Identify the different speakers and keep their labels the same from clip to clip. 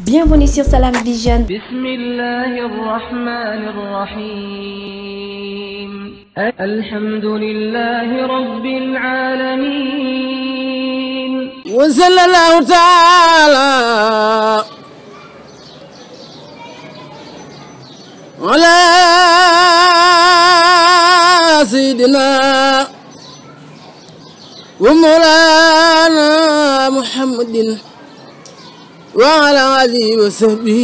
Speaker 1: Bienvenue sur Salam Vision. Bismillahi rahmani rahim. Alhamdulillahi rabbil alamin. Wa sallallahu ta'ala ala
Speaker 2: sayyidina wa mawlana Muhammadin وعلى آله وصحبه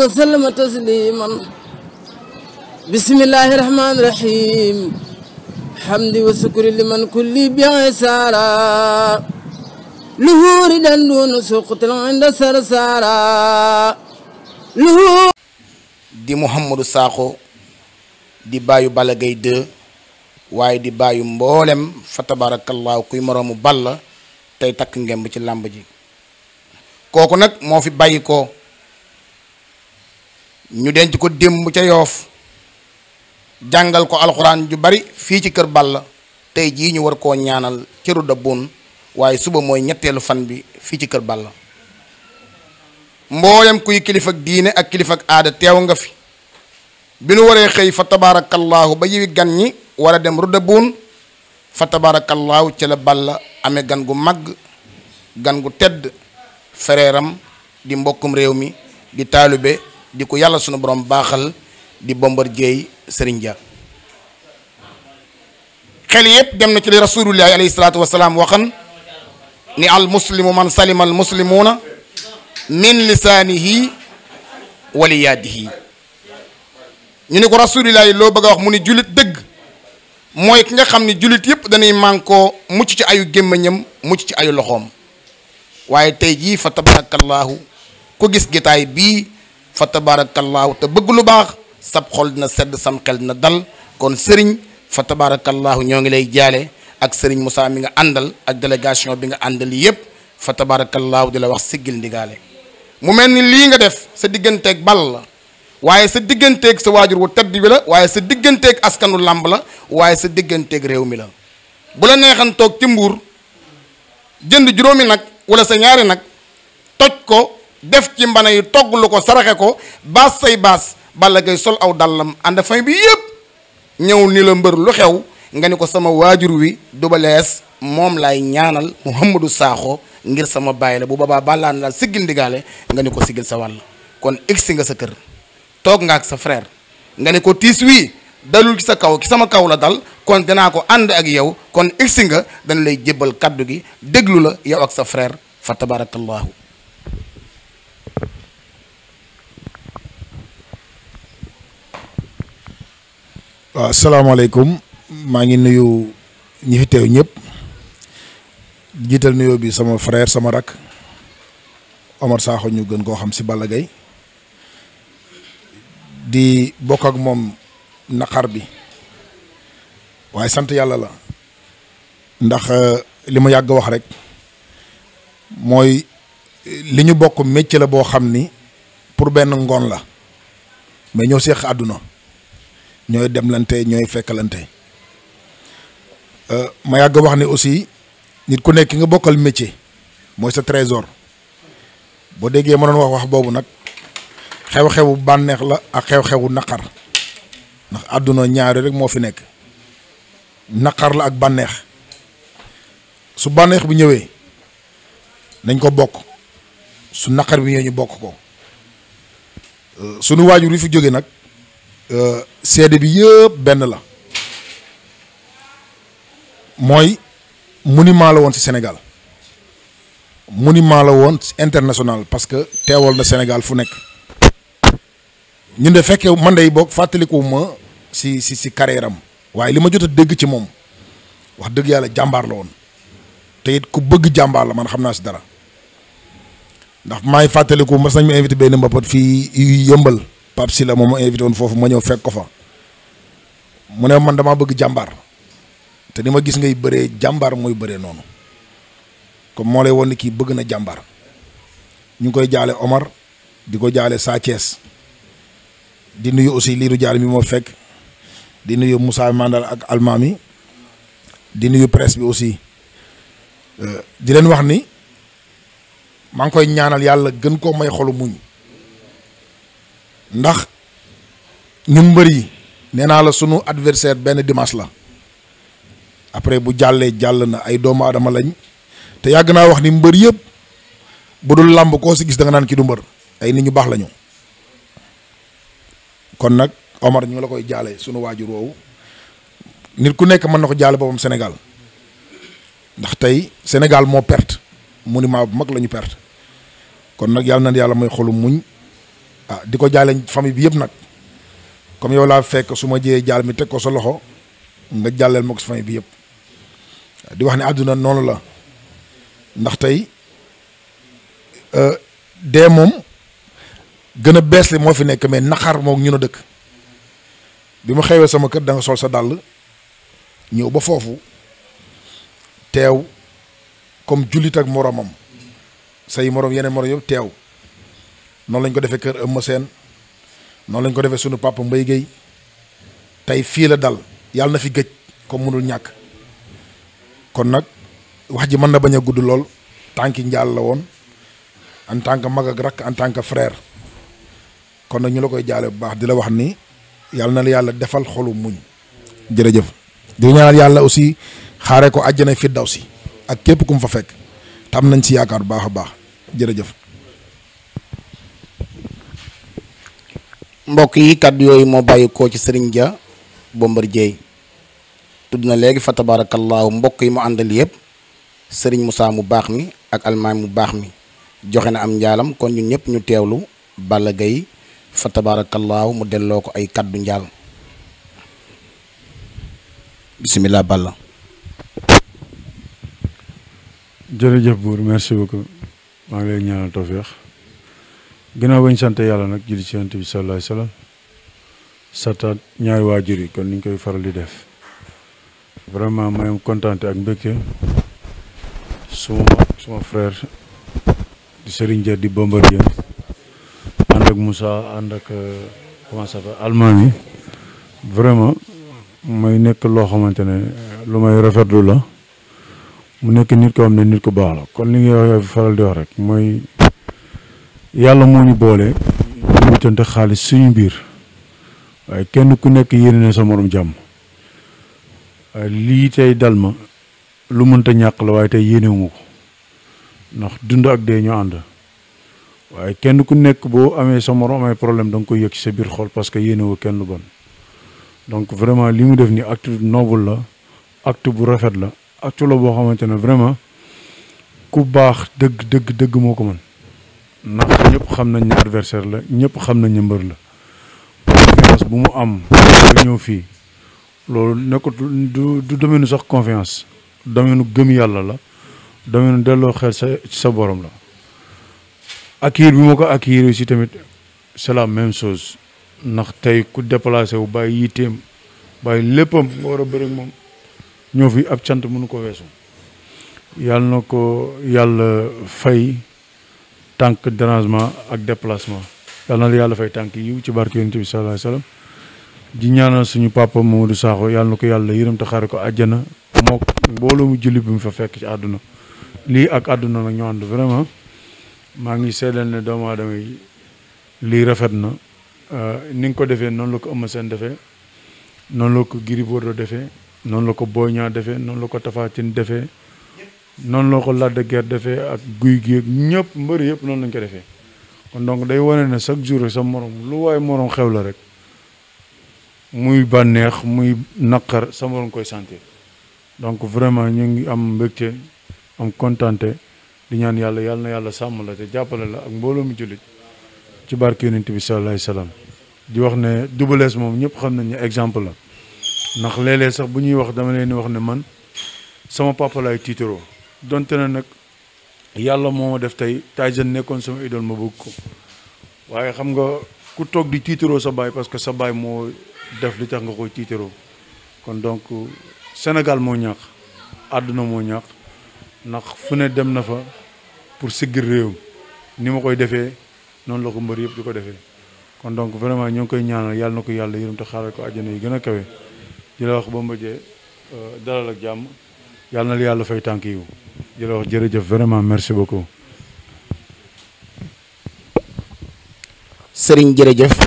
Speaker 2: وسلم تسليما بسم الله الرحمن الرحيم حمد وشكر لمن كل بعسارا لهور دندون سقط عند سرسارا لهور
Speaker 3: دي محمد ساخو دي بايو بالا جاي 2 waaye di bàyyi mboolem fa tabarakallahu kuy moroomu Balla tey takk ngemb ci làmb ji kooku nag moo fi bàyyi ko ñu denc ko démb ca yoof jàngal ko alxuraan ju bari fii ci kër Balla tey jii ñu war koo ñaanal cëru dabboon waaye suba mooy ñetteelu fan bi fii ci kër Balla mboolem kuy kilifa ak diine ak kilifa aada teew nga fi bi nu waree xëy fa tabaarakallaahu ba yiwi gan ñi war a dem rudda buun fa tabaarakallaahu ci la Balla amee gan gu màgg gan gu tedd fereeram di mbokkum réew mi di taalibe di ko yàlla sunu borom baaxal di Bombardier sëriñ Dia xel yépp dem na ci li rasulullahi alayhi salaatu wasalaam waxan ni al muslimu man salima al muslimuuna min lisaanihi wa liyaadihi ñu ne ko rasulillahi loo bëgg a wax mu ni jullit dëgg mooy ki nga xam ni jullit yépp dañuy mànkoo mucc ci ayu gémmiñam mucc ci ayu loxoom waaye tey jii fa tabaarakallaahu ku gis gitaay bii fa tabaarakallaahu te bëgg lu baax sab xol dina sedd sam xel dina dal kon sëriñ fa tabaarakallaahu ñoo ngi lay jaale ak sëriñ Moussa mi nga àndal ak délégation bi nga àndal yépp fa tabaarakallaahu di la wax siggil ndigaale mu mel ni lii nga def sa digganteeg bal la waaye sa digganteeg sa waajur wu tedd bi la waaye sa digganteeg askanu làmb la waaye sa digganteeg réew mi la bu la neexan toog ci mbuur jënd juróomi nag wala sa ñaari nag toj ko def ci mbana yi togg lu ko saraxe ko baas say baas Balla Gaye sol aw dàllam ànd fay bi yëpp ñëw ni la mbër lu xew nga ni ko sama waajur wi Double Less moom laay ñaanal Mouhamadou Sakho ngir sama bàyyi la bu boobaa Balla na daal siggil ndigaale nga ni ko siggil sa wàll kon egsi nga sa kër toog nga ak sa frère nga ni ko tiis wii dalul ci sa kaw ki sama kaw la dal kon danaa ko ànd ak yow kon egsi nga dana lay jébbal kàddu gi déglu la yow ak sa frère fa tabarakallahu
Speaker 4: waaw salaamaaleykum maa ngi nuyu ñi fi teew ñëpp jiital nuyoo bi sama frère sama rak Omar Sakho ñu gën koo xam si Balla Gaye di bokk ak moom naqar bi waaye sant yàlla la ndax eh, li ma yàgg wax rek mooy eh, li ñu bokk métier la boo xam ni pour benn ngoon la mais ñoo seex àdduna ñooy demlante ñooy fekkalante eh, ma yàgg wax ni aussi nit ku nekk ki nga bokkal métier mooy sa trésor boo déggee ma doon wax wax boobu nag xew-xewu bànneex la ak xew-xewu naqar ndax àdduna ñaari rek moo fi nekk naqar la ak bànneex su bànneex bu ñëwee nañ ko bokk su naqar bi ñëwee ñu bokk ko euh, sunu waajur yi fi jóge nag euh, seede bi yëpp benn la mooy monument la woon ci Sénégal monument la woon international parce que teewal na Sénégal fu nekk ñun de fekkee man day boog fàttaliku ma si si si carrière waaye li ma jot a dégg ci moom wax dëgg yàlla jàmbaar la woon te it ku bëgg jàmbaar la man xam naa si dara ndax maay fàttaliku mas nañ ma invité benn mbapat fii yëmbal Pape Sylla moom ma invité woon foofu ma ñëw fekk ko fa mu ne man damaa bëgg jàmbaar te ni ma gis ngay bëree jàmbaar mooy bëree noonu comme moo lay woon kii bëgg na jàmbaar ñu ngi koy jaale Omar di ko jaale Sa Thiès di nuyu aussi liiru jaar mi moo fekk di nuyu Moussa Mandal ak almaam yi di nuyu presse bi aussi euh, di leen wax ni maa ngi koy ñaanal yàlla gën koo may xolu muñ ndax ñun mbër yi nee naa la sunu adversaire benn dimanche la après bu jàllee jàll na ay doomu aadama lañ te yàgg naa wax ni mbër yëpp bu dul làmb koo si gis da nga naan ki du mbër ay nit ñu baax lañu kon nag Omar ñu ngi la koy jaalee sunu waajur woowu nit ku nekk mën na ko jaale boppam Sénégal ndax tey Sénégal moo perte monument bu mag la ñu perte kon nag yàlla na yàlla may xolu muñ ah di ko jaale famille bi yëpp nag comme yow laa fekk su ma jiyee jaal mi teg ko sa loxo nga jàlleel ma ko famille bi yëpp di wax ne àdduna noonu la ndax tey euh, dee moom. gën a bees li moo fi nekk mais naxar moom ñun a dëkk bi ma xewee sama kër danga sol sa dàll ñëw ba foofu teew comme jullit ak moromam say morom yeneen morom yëpp teew noonu lañ ko defee kër Eumeu Sène noonu lañ ko defee sunu papa mbay géey tey fii la dal yàlla na fi gëj comme mënul ñàkk kon nag wax ji mën na bañ a gudd lool tànki njaal la woon en tant que mag ak rakk en tant que frère kon nag ñu la koy jaale bu baax di la wax ni yàlla na la yàlla defal xolu muñ jërëjëf di ñaanal yàlla aussi xaaree ko àjjana fi daw si ak képp kum fa fekk tam nañ ci yaakaar bu baax a baax jërëjëf
Speaker 3: mbokk yi kàddu yooyu moo bàyyi koo ci sëriñ ja jeey tudd na léegi fa tabaarakallaahu mbokk yi mu àndal yëpp sëriñ Moussa mu baax mi ak almaam mu baax mi joxe na am njaalam kon ñun ñëpp ñu teewlu Balla gay fa tabaarakallaahu mu delloo ko ay kàddu njaal bisimilah Balla
Speaker 5: jërëjëf buur merci beaucoup maa ngi lay ñaanal tawféex ginnaaw bañ sant yàlla nag julli ci yonent bi sallallaahu alayhi wa sallam sartaat ñaari waajur yi kon ni ñu koy faral di def vraiment mayam kontaan ak mbégte suma suma frère di Serigne Dia di Bombardier avec Moussa ànd ak euh, comment ça s'appelle yi vraiment may nekk loo xamante ne lu may rafetlu la mu nekk nit ko am ne nit ko baax la kon li nga faral di wax rek mooy yàlla moo ñu boole ñu wutante xaalis suñu biir kenn ku nekk yéene ne sa morom jàmm lii dalma dal ma lu mënta ñàkk la waaye tey yéenewuma ko ndax dund ak dee ñoo ànd waaye kenn ku nekk boo amee sa morom amee problème da nga koy yëg ci sa biir xol parce que yéene woo kenn lu bon donc vraiment li mu def nii acte noble la acte bu rafet la acte boo xamante ne vraiment ku baax dëgg dëgg moo ko mën ndax xam nañ ne adversaire la ñëpp xam nañ ne mbër la confiance bu mu am ba ñëw fii loolu nekkut du du domaine sax confiance bu gëm yàlla la domaine delloo xel sa sa borom la accueil bi ma ko accueillir aussi tamit c'est la même chose ndax tey ku déplacé wu bàyyi yitteem bàyyi léppam nga war a bëri moom ñoo fi ab cant mënu ko weesu yàlla na ko yàlla fay tànk dérangement ak déplacement yàlla na la yàlla fay tànk yiw ci barke yonent bi sallallahu alayhi wasallam di ñaanal suñu papa Mamadou Sakho yàlla na ko yàlla yërëm te xaare ko àjjana mook mbooloo mu julli bi mu fa fekk ci àdduna lii ak àdduna nag ñoo ànd vraiment maa ngi seedal ne doomu aadama yi lii rafet na euh, ni nga ko defee noonu la ko Eumeu Sène defee noonu la ko Gris Bordeaux defee noonu la ko Boy Niang defee noonu la ko Tapha Tine defee noonu la ko Lac de Guiers defee ak guy gi ñëpp mbëri yëpp noonu lañ ko defee kon donc day wane ne chaque jour sa morom lu waaye morom xew rek muy bànneex muy naqar sa morom koy sentir donc vraiment ñu ngi am mbégte am kontante di ñaan yàlla yàlla na yàlla sàmm la te jàppale la ak mbooloo mu jullit ci barke yonent bi sallallahu alayhi di wax ne Double moom ñëpp xam nañ ne exemple la ndax léeg sax bu ñuy wax dama leen wax ne man sama papa laay tiitaroo donte na nag yàlla moo ma def tey Tyson nekkoon sama idole ma bëgg ko waaye xam nga ku toog di tiitaroo sa baay parce que sa baay moo def li tax nga koy tiitaroo kon donc Sénégal moo ñàkk àdduna moo ñàkk ndax fu ne dem na fa pour siggir réew ni ma koy defee noonu la ko mbër yëpp di ko defee kon donc vraiment ñoo ngi koy ñaanal yàlla na ko yàlla yërëm te xaaral ko àjjana yi gën a kawe di la wax Bombardier euh, dalal ak jàmm yàlla na la yàlla fay tànk yiw di la wax jërëjëf vraiment merci beaucoup.
Speaker 3: Sëriñ jërëjëf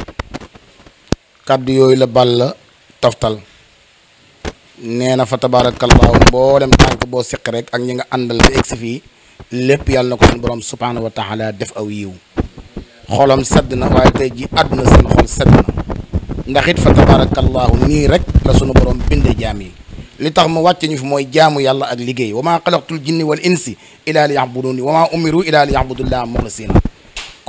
Speaker 3: kàddu yooyu la Balla toftal. nee na fa tabaarakallaahu mboolem tànk boo seq rek ak ñi nga àndal ba egsi fii lépp yàlla na ko suñu borom subhaanahu wa taala def aw yiw xolam sedd na waaye tey ji àdduna seen xol sedd na ndax it fa tabaarakallaahu nii rek la sunu borom binde jaam yi li tax mu wàcce ñu fi mooy jaamu yàlla ak liggéey wa maa xalaqtul jinni wal insi ilaa li yaxbuduni wa maa umiru ilaa li yaxbudullaah muxlisina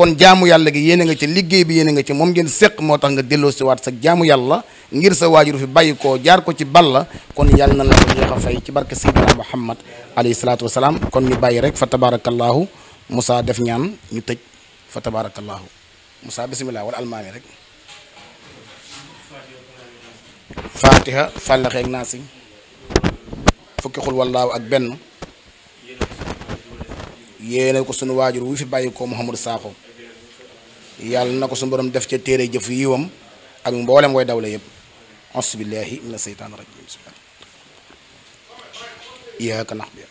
Speaker 3: kon jaamu yàlla gi yéene nga ci liggéey bi yéene nga ci moom ngeen séq moo tax nga delloo si waat sa jaamu yàlla ngir sa waajur fi bàyyi koo jaar ko ci balla kon yàlla na la ko jox a ci barke Seydina Muhammad alayhi salaatu wasalaam kon ñu bàyyi rek fa tabarakallahu Moussa def ñaan ñu tëj fa tabarakallahu Moussa bisimilah wala almaami rek fatiha fàllaxeeg fukki xul wallaahu ak benn yéene ko sunu waajur wu fi bàyyi ko Mouhamadou Sakho yàlla na ko su borom def ca téere jëf yiwam ak mboolem way dawle yëpp asbillahi mina seytaan rajim bismillah iyyaka na'budu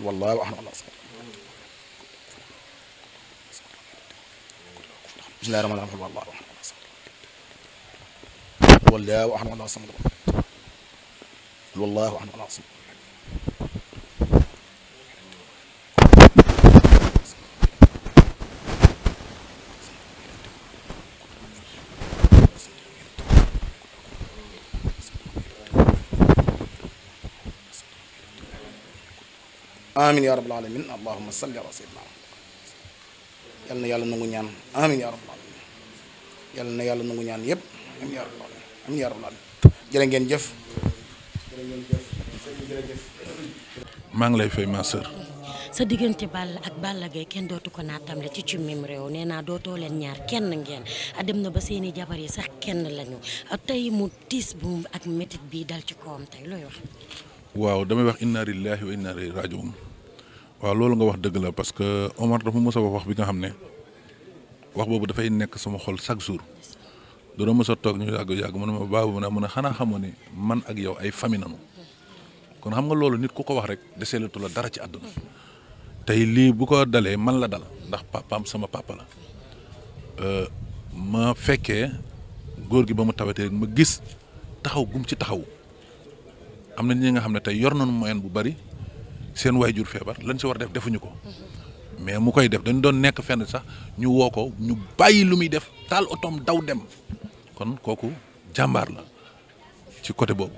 Speaker 3: wallahi wa ahna bismillahi rahmani rahim wallahi wa amin ya rabbal alamin allahuma salli ala yal na yàlla nangu ñaan na yàlla nangu ñaan yépp amin ya
Speaker 6: maa ngi lay fay ma sœur
Speaker 1: sa diggante Balla ak Balla Gaye kenn dootu ko naatamle ci cimmim réew nee naa dootoo leen ñaar kenn ngeen dem na ba seeni jabar yi sax kenn lañu tey mu tiis bu ak métit bi dal ci kawam tey looy wax
Speaker 6: waaw damay wax inna lillahi wa inna ilayhi rajiun waaw loolu nga wax dëgg la parce que Omar dafa mës a wax bi nga xam ne wax boobu dafay nekk sama xol chaque jour doo mës a toog ñu yàgg yàgg man ma baabu ma mën a xanaa xamoo ni man ak yow ay famille nanu kon xam nga loolu nit ku ko wax rek deseelatu la dara ci àdduna tey lii bu ko dalee man la dal ndax papaam sama papa la ma fekkee góor gi ba mu tawetee ma gis taxaw gum ci taxaw am na ñi nga xam ne tey yor nañu moyen bu bari seen waay jur feebar lañ si war def defuñu ko mais mu koy def dañ doon nekk fenn sax ñu woo ko ñu bàyyi lu muy def taal otoom daw dem kon kooku jàmbaar la ci côté boobu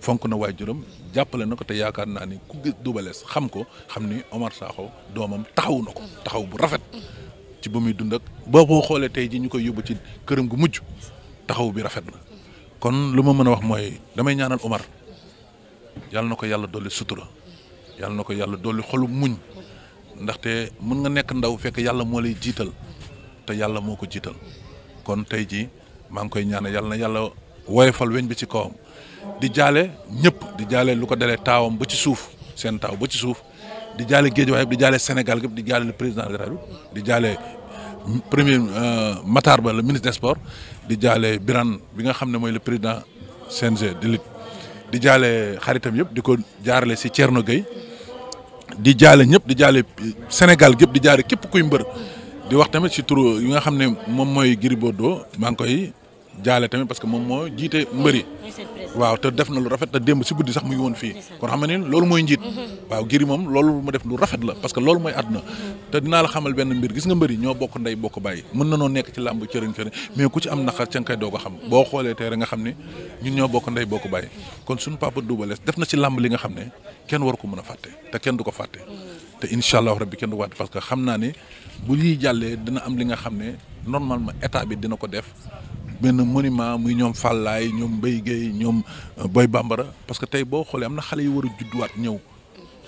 Speaker 6: fonk na waay waajuram jàppale na ko te yaakaar naa ni ku gis Double xam ko xam ni Omar Sakho doomam taxaw na ko taxaw bu rafet ci ba muy dund ak boo ko xoolee tey ji ñu koy yóbbu ci këram gu mujj taxaw bi rafet na kon lu ma mën a wax mooy damay ñaanal Omar yàlla na ko yàlla dolli sutura yàlla na ko yàlla dolli xolu muñ ndaxte mën nga nekk ndaw fekk yàlla moo lay jiital te yàlla moo ko jiital kon tey jii maa ngi koy ñaanal yàlla na yàlla woyofal weñ bi ci kawam di jaale ñëpp di jaale lu ko dalee taawam ba ci suuf seen taaw ba ci suuf di jaale Guédiawaye di jaale Sénégal gépp di jaale le président de la di jaale euh, premier euh, Matar Ba le ministre des sports di jaale Birane bi nga xam ne mooy le président CNG de lutte di jaale xaritam yëpp di ko jaarale si Thierno Gueye di jaale ñëpp di jaale Sénégal gépp di jaare képp kuy mbër di wax tamit si turu yi nga xam ne moom mooy Gris Bordeaux maa ngi koy jaale tamit parce que moom moo jiite mbëri waaw te def na lu rafet te démb si guddi sax muy woon fii kon xam ne loolu mooy njiit mhm. waaw giri moom loolu mu def lu rafet la parce que loolu mooy àdduna mhm. te dinaa la xamal benn mbir gis nga mbëri ñoo bokk ndey bokk bàyyi mën na noo nekk ci làmb cëriñ cëriñ mais ku ci am naqar ca nga koy doo ko xam boo xoolee tey rek nga xam ne ñun ñoo bokk ndey ko bàyyi kon suñu papa Double def na ci làmb li nga xam ne kenn war ko mën a fàtte te kenn du ko fàtte
Speaker 7: mhm.
Speaker 6: te incha allah rabbi kenn du ko fàtte que xam naa ne bu lii jàllee dina am li nga xam ne normalement état bi dina ko def benn monument muy ñoom Fallaye ñoom Mbaye Guèye ñoom euh, Boy Bambara parce que tey boo xoolee am na xale yu war a judduwaat ñëw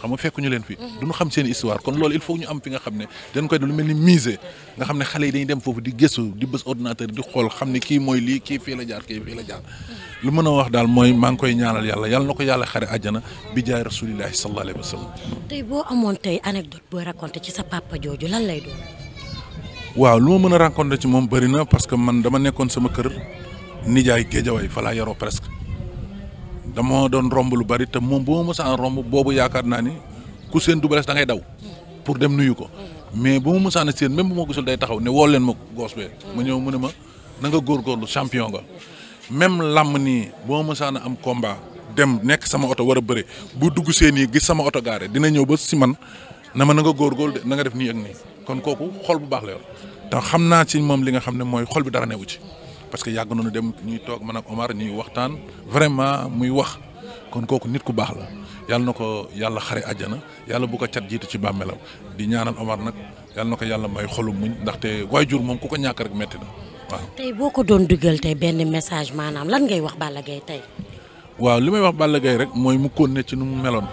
Speaker 6: xam fekk ñu leen fi. Mhm. du ñu xam seen histoire kon loolu il faut ñu am fi nga xam ne dañ koy def lu mel ni musée nga xam ne xale yi dañuy dem foofu di gëstu di bës ordinateur di xool xam ne kii mooy lii kii fii la jaar kii fii la jaar. Mhm. lu mën a wax daal mooy maa ngi koy ñaanal yàlla yàlla na ko yàlla xare àjjana bi jaay rasulillahi sallallahu alayhi
Speaker 1: wa sallam. tey sa papa jooju
Speaker 6: waaw lu ma mën a rencontré ci moom bëri na parce que man dama nekkoon sama kër nijaay géejawaay falaa laa presque dama doon romb lu bëri te moom boo ma mësaan romb boobu yaakaar naa ni ku seen Double Less da ngay daw pour dem nuyu ko mais bu ma mësaan seen même bu ma gisul day taxaw ne woo leen ma goos bee ma ñëw mu ne ma nanga nga góorgóorlu champion nga même làmm nii boo mësaan am combat dem nekk sama oto war a bëre bu dugg seen yi gis sama oto gaare dina ñëw ba si man na ma na nga góor de nanga def nii ak nii kon kooku xol bu baax la yor te xam naa ci moom li nga xam ne mooy xol bi dara newu ci parce que yàgg nañu dem ñuy toog man ak Omar ñuy waxtaan vraiment muy wax kon kooku nit ku baax la yàlla na ko yàlla xare àjjana yàlla bu ko cat jiitu ci baa bàmmeelam di ñaanal Omar nag yàlla na ko yàlla may xolu muñ ndaxte waajur moom ku ko ñàkk rek metti na waaw.
Speaker 1: tey boo ko doon dugal tey benn message maanaam lan ngay wax Balla
Speaker 6: waaw li may wax Balla Gaye rek mooy mu continuer ci nu mu meloon.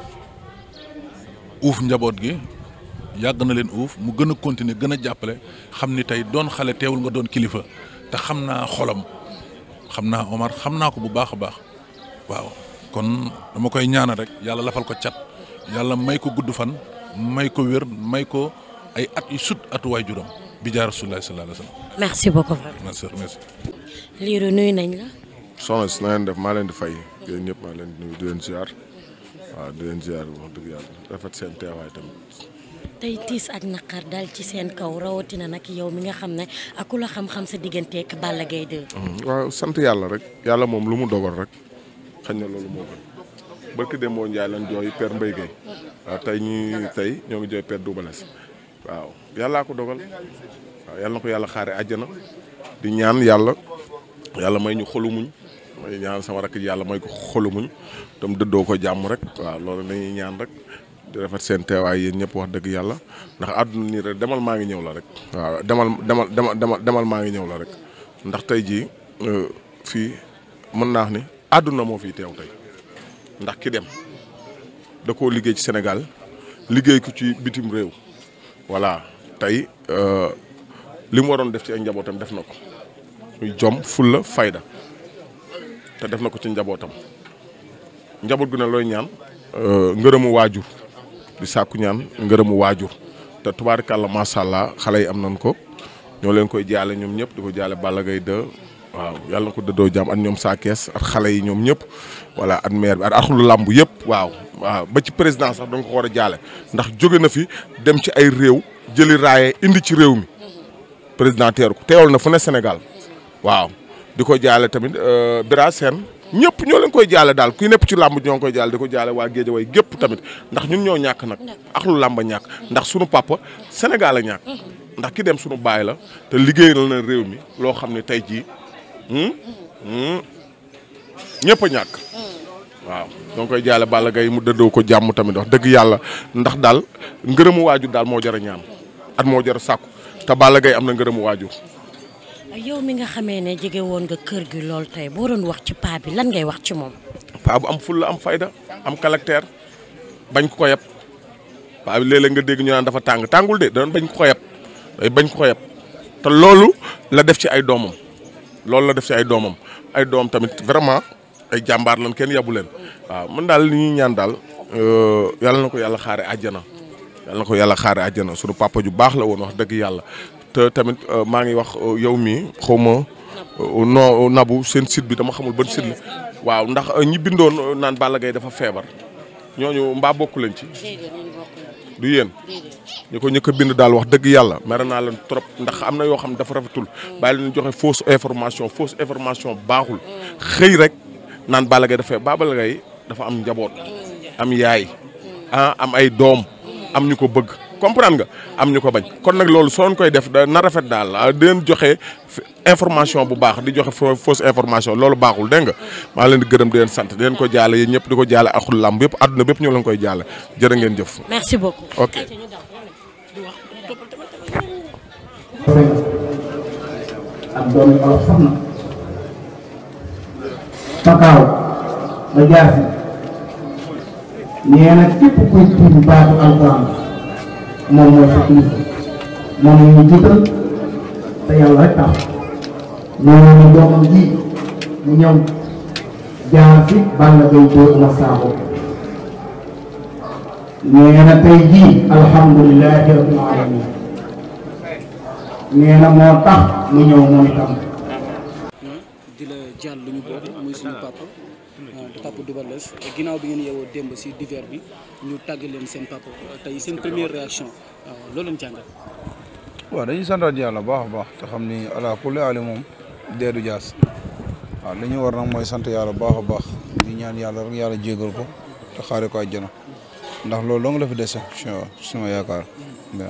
Speaker 6: uuf njaboot gi yàgg na leen uuf mu gën a continuer gën a jàppale xam ni tey doon xale teewul nga doon kilifa te xam naa xolam xam naa Omar xam naa ko bu baax a baax waaw kon dama koy ñaanal rek yàlla lafal ko cat yàlla may ko gudd fan may ko wér may ko ay at yu sut atu waajuram bi jaar Rasulullah sallallahu alayhi wa sallam.
Speaker 1: merci beaucoup. merci merci. Lirou nuyu nañ la.
Speaker 8: soxna si na ngeen def maa leen di fay yéen ñëpp maa leen di nuyu di leen ziar. waaw di leen ziar wax dëgg yàlla rafet seen teewaay tamit.
Speaker 1: tey tiis ak naqar daal ci seen kaw rawatina nag yow mi nga xam ne ak ku la xam-xam sa digganteeg Balla Gaye 2.
Speaker 8: Mhm. waaw sant yàlla rek yàlla moom lu mu dogal rek xañ na loolu moo gën barki dem moo Ndiaye lan jooy Père Mbaye Gueye waaw tey ñuy tey ñoo ngi jooy Père Double Less waaw yàllaa ko dogal waaw yàlla na ko yàlla xaare àjjana di ñaan yàlla yàlla may ñu xolu may ñaan sama rakk ji yàlla mooy ko xolu muñ tam dëddoo ko jàmm rek waaw loolu dañuy ñaan rek di rafet seen teewaay yéen ñëpp wax dëgg yàlla ndax àdduna nii rek demal maa ngi ñëw la rek demal demal demal demal maa ngi ñëw la rek ndax tey jii euh, fii mën naa ni àdduna moo fii teew tey ndax ki dem da koo liggéey ci senegal liggéey ko ci bitim réew voilà tey euh, li mu waroon def ci ay njabootam def na ko muy jom fulla fayda te def na ko ci njabootam njaboot gu ne looy ñaan euh, ngërëmu waajur di sàkku ñaan ngërëmu waajur te tubaarkàlla macha allah xale yi am nañ ko ñoo leen koy jaale ñoom ñëpp di ko jaale Balla gay 2 waaw yàlla na ko dëddoo jàmm at ñoom saakees at xale yi ñoom ñëpp voilà at maire bi at axlu làmb yëpp waaw waaw ba ci président sax danga ko war a jaale ndax jóge na fi dem ci ay réew jëli raaye indi ci réew mi président teeru ko teewal na fu ne Sénégal waaw di ko jaale tamit euh, Bira Sène ñëpp ñoo leen koy jaale daal kuy nepp ci làmb ñoo koy jaale di ko jaale waa Géejawaay gépp tamit ndax ñun ñoo ñàkk nag ak lu làmb ñàkk ndax sunu papa Sénégal a ñàkk ndax ki dem sunu baay la te liggéeyal na réew mi loo xam ne tey jii hmm? Hmm? ñëpp a ñàkk waaw ñoo ngi koy jaale Balla Gaye mu dëddoo ko jàmm tamit wax dëgg yàlla ndax daal ngërëmu waajur daal moo jar a ñaan at moo jar a sàkku te Balla gay am na ngërëmu waajur
Speaker 1: yow mi nga xamee ne jege woon nga kër gi lool tey boo doon wax ci paa bi lan ngay wax ci moom.
Speaker 8: paa bu am fulla am fayda am caractère bañ ko ko yab paa bi nga dégg ñu naan dafa tàng tàngul de doon bañ ko ko yab day bañ te loolu la def ci ay doomam loolu la def ci ay doomam ay doom tamit vraiment ay jàmbaar lan kenn yabu leen waaw man daal li ñuy ñaan daal euh, yàlla na ko yàlla xaare àjjana yàlla na ko yàlla xaare àjjana sunu papa ju baax la woon wax dëgg yàlla te tamit euh, maa ngi wax euh, yow mii xawma ma euh, nabu seen site bi dama xamul ban site la waaw ndax ñi bindoon naan Balla Gaye dafa feebar ñooñu mbaa bokku leen ci du yéen ñu ko ñëkk bind daal wax dëgg yàlla mer naa leen trop ndax am na yoo xam dafa rafetul bàyyi leen joxe fausse information fausse information baaxul xëy rek naan Balla Gaye dafa ba Balla Gaye dafa am njaboot am yaay ah am ay doom am ñu ko bëgg comprendre nga am ñu ko bañ kon nag loolu soon koy def na rafet daal ah, di joxe information bu baax di joxe fausse information loolu baaxul dégg nga maa leen di gërëm di leen sant di ko jaale yéen ñëpp di ko jaale axul làmb yëpp àdduna bépp ñu leen koy jaale jërë ngeen jëf. merci
Speaker 3: moom mooy sa kilifa moom la ñu jiital te yàlla rek tax loolu ji mu ñëw jaar si Balla Gaye dóor ma saako nee na tey jii alhamdulilahi alamin nee moo tax mu ñëw moom itam di
Speaker 2: muy suñu papa Double Less ginnaaw bi ngeen yeewoo démb si divers bi ñu tàgg leen seen papa tey seen première réaction euh, loolu lañ jàngal.
Speaker 9: waaw dañuy santaat yàlla baax a baax te xam ni ala kulli ale moom du jaas waaw li ñu war nag mooy sant yàlla baax a baax di ñaan yàlla rek yàlla jégal ko te xaare ko àjjana ndax loolu la nga la fi dese suma yaakaar. Mm.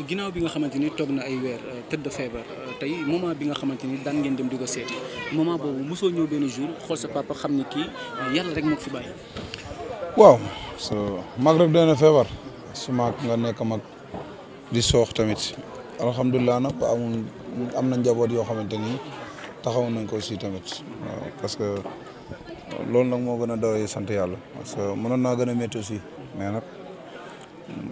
Speaker 2: ginnaaw bi nga xamante ni toog na ay weer euh, tëdd feebar euh, tey moment bi nga xamante ni daan ngeen dem di ko seeti moment boobu soo ñëw benn jour xool sa papa xam ni kii euh, yàlla rek moo ko fi bàyyi.
Speaker 9: waaw so feebar su mag nga nekk mag di soox tamit alhamdulilah nag amul am na njaboot yoo xamante ni taxaw nañ ko aussi tamit waaw que loolu nag moo gën a doy sant yàlla parce que mënoon naa gën a métti aussi mais nag.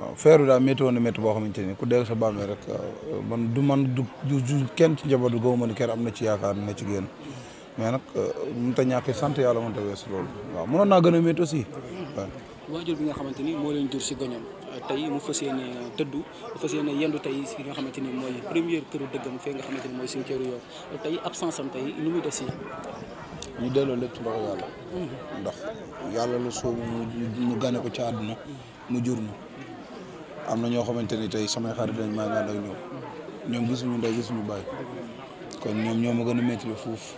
Speaker 9: waaw feeru daal métti woon na métti boo xamante ni ku dégg sa bàmmeel rek euh, man du man du du kenn ci njaboot du gawuma ni kër am na ci yaakaar na ci génn mais nag euh, mënut a ñàkk sant yàlla mënut a weesu loolu waaw mënoon naa gën aussi waaw.
Speaker 2: waajur nga xamante ni moo leen jur si goñam euh, tey mu fas yéene dëddu fas yéene yendu tey si nga xamante ni mooy première këru dëggam fee nga xamante ni mooy cimetière Yoff tey absence am tey nu muy des si.
Speaker 9: ñu delloo lépp ci loxo yàlla. Mm-hmm. ndax yàlla lu soobu mu mu gane ko ci àdduna mu jur ñu. am na ñoo xamante ni tey samay xarit lañ maa ngi ànd ak ñoom ñoom gisuñu gis gisuñu bàyyi kon ñoom ñoo ma gën a métti la foofu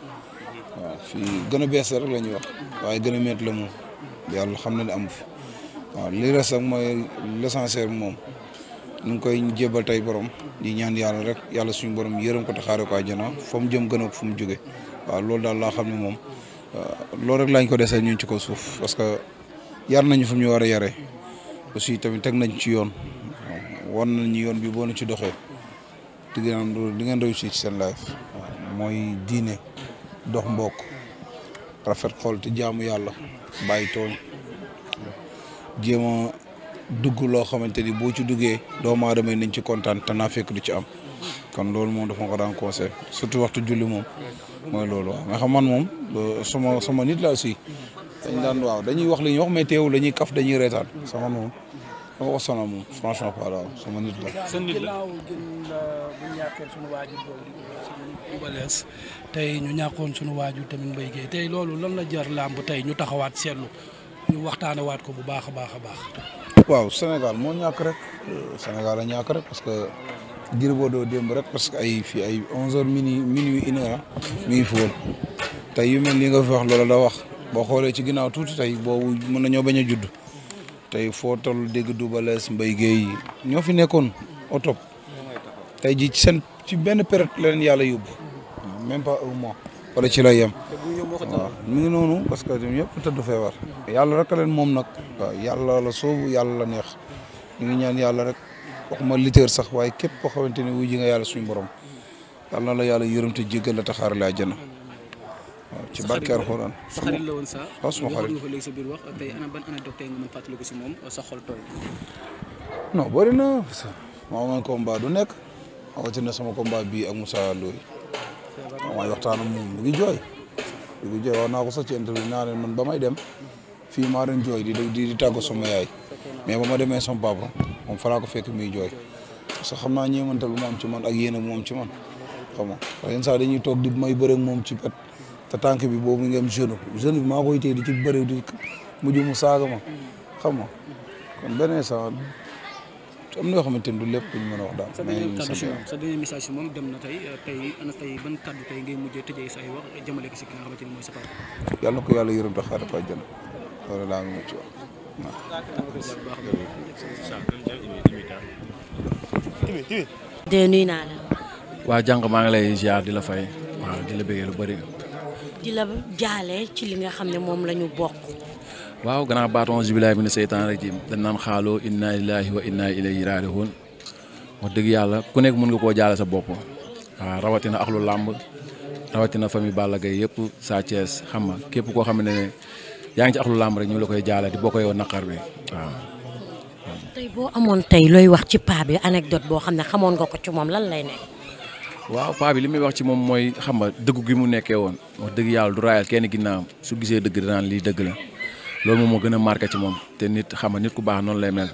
Speaker 9: waaw la ñuy wax waaye gën la moom yàlla xam na ne amu fi waaw li res ak mooy l'essentiel moom ñu ngi koy jébal tey borom di ñaan yàlla rek yàlla suñu borom yërëm ko te xaare ko àjjana fa mu jëm gën fu mu jóge waaw loolu daal laa xam ne moom loolu rek lañ ko desee ñun ci ko suuf parce que yar nañu fu ñu war a yare aussi tamit teg nañ ci yoon won nañu yoon bi boo na ci doxee di ngeen am di ngeen réussir ci seen life mooy diine dox mbokk rafet xool ti jaamu yàlla bàyyi tooñ jéem a dugg loo xamante ni boo ci duggee doomu aadama yi nañ ci kontaan te naa fekk du ci am kon loolu moom dafa ko daan conseil surtout waxtu julli moom mooy loolu waaw nga xam man moom sama sama nit la aussi dañ daan waaw dañuy wax li ñuy wax mais teewul dañuy kaf dañuy reetaan sama moom dafa soo sonal moom franchement pas daal sama nit la. seen
Speaker 2: nit la
Speaker 9: tey ñu ñàkkoon suñu waajur tamit Mbaye Guèye tey loolu lan la jar làmb tey ñu
Speaker 10: taxawaat seetlu ñu waat ko bu baax a baax a baax.
Speaker 9: waaw Sénégal moo ñàkk rek euh, Sénégal la ñàkk rek parce que Gris doo démb rek parce que ay fii ay onze heures minuit minuit mi ngi fi woon yu mel li nga fi wax loolu la wax boo xoolee ci ginnaaw tuuti tey boobu mën nañoo bañ a judd. tey foo toll dégg Double Less Mbaye Guèye ñoo fi nekkoon au tey jii ci seen ci benn période la leen yàlla yóbbu même pas un mois wala ci lay yem waaw mu ngi noonu parce que ñëpp tëdd feebar yàlla rek leen moom nag waaw yàlla la soobu yàlla la neex ñu ñaan yàlla rek ma lutteur sax waaye képp koo xamante ne wuy ji nga yàlla suñu borom yàlla na la yàlla yërëm te jéggal la taxaar la àjjana waaw ci barke alxuraan sa xarit la woon sa waaw suma xarit nga
Speaker 2: ko léegi sa biir wax ma
Speaker 9: amoon du nekk a sama combat bii ak Moussa Ndoye maay waxtaan ak moom mu ngi jooy mu ngi jooy ko sax ci interview ba may dem fii maa doon jooy di di di tàggu sama yaay mais ba ma demee sama papa moom faraa ko fekk muy jooy parce que xam naa ñeemantal bu ma am ci man ak yéen a moom ci man xam nga yenn saa dañuy toog di may bëre moom ci pet te tànk bi boobu ngeen jeune jeune bi maa koy téye di ci bëri di mujj mu saaga ma xam nga kon beneen sax xamante ni du lépp lu ñu mën a wax daal.
Speaker 2: sa deuxième message dem na tey tey ana tey ban kàddu tey ngay mujjee tëjee ki nga xamante ni mooy sa
Speaker 9: yàlla ko yàlla yërëm te xaaral fa àjjana loolu laa ngi
Speaker 11: waa jànq maa ngi lay ziar di la fay di la bëggee lu bëri.
Speaker 1: di la jaale ci li nga xam ne moom lañu ñu bokk.
Speaker 11: waaw gannaaw baatu auzu billaahi mina seytaani rajiim dañ naan xaaloo inna lillaahi wa inna ilayhi raaji'uun wax dëgg yàlla ku nekk mën nga koo jaale sa bopp waaw rawatina aklu làmb rawatina famille Balla Gaye yëpp Sa Thiès xam nga képp koo xam ne ne yaa ngi ci axlu làmb rek ñu la koy jaale di bokk yow naqar bi waaw.
Speaker 1: tey boo amoon tey looy wax ci paa bi anecdote boo xam ne xamoon nga ko ci moom lan lay nekk.
Speaker 11: waaw paa bi li muy wax ci moom mooy xam nga dëgg gi mu nekkee woon wax dëgg yàlla du raayal kenn ginnaawam su gisee dëgg dinaan lii dëgg la loolu moom moo gën a marqué ci moom te nit xam nga nit ku baax noonu lay mel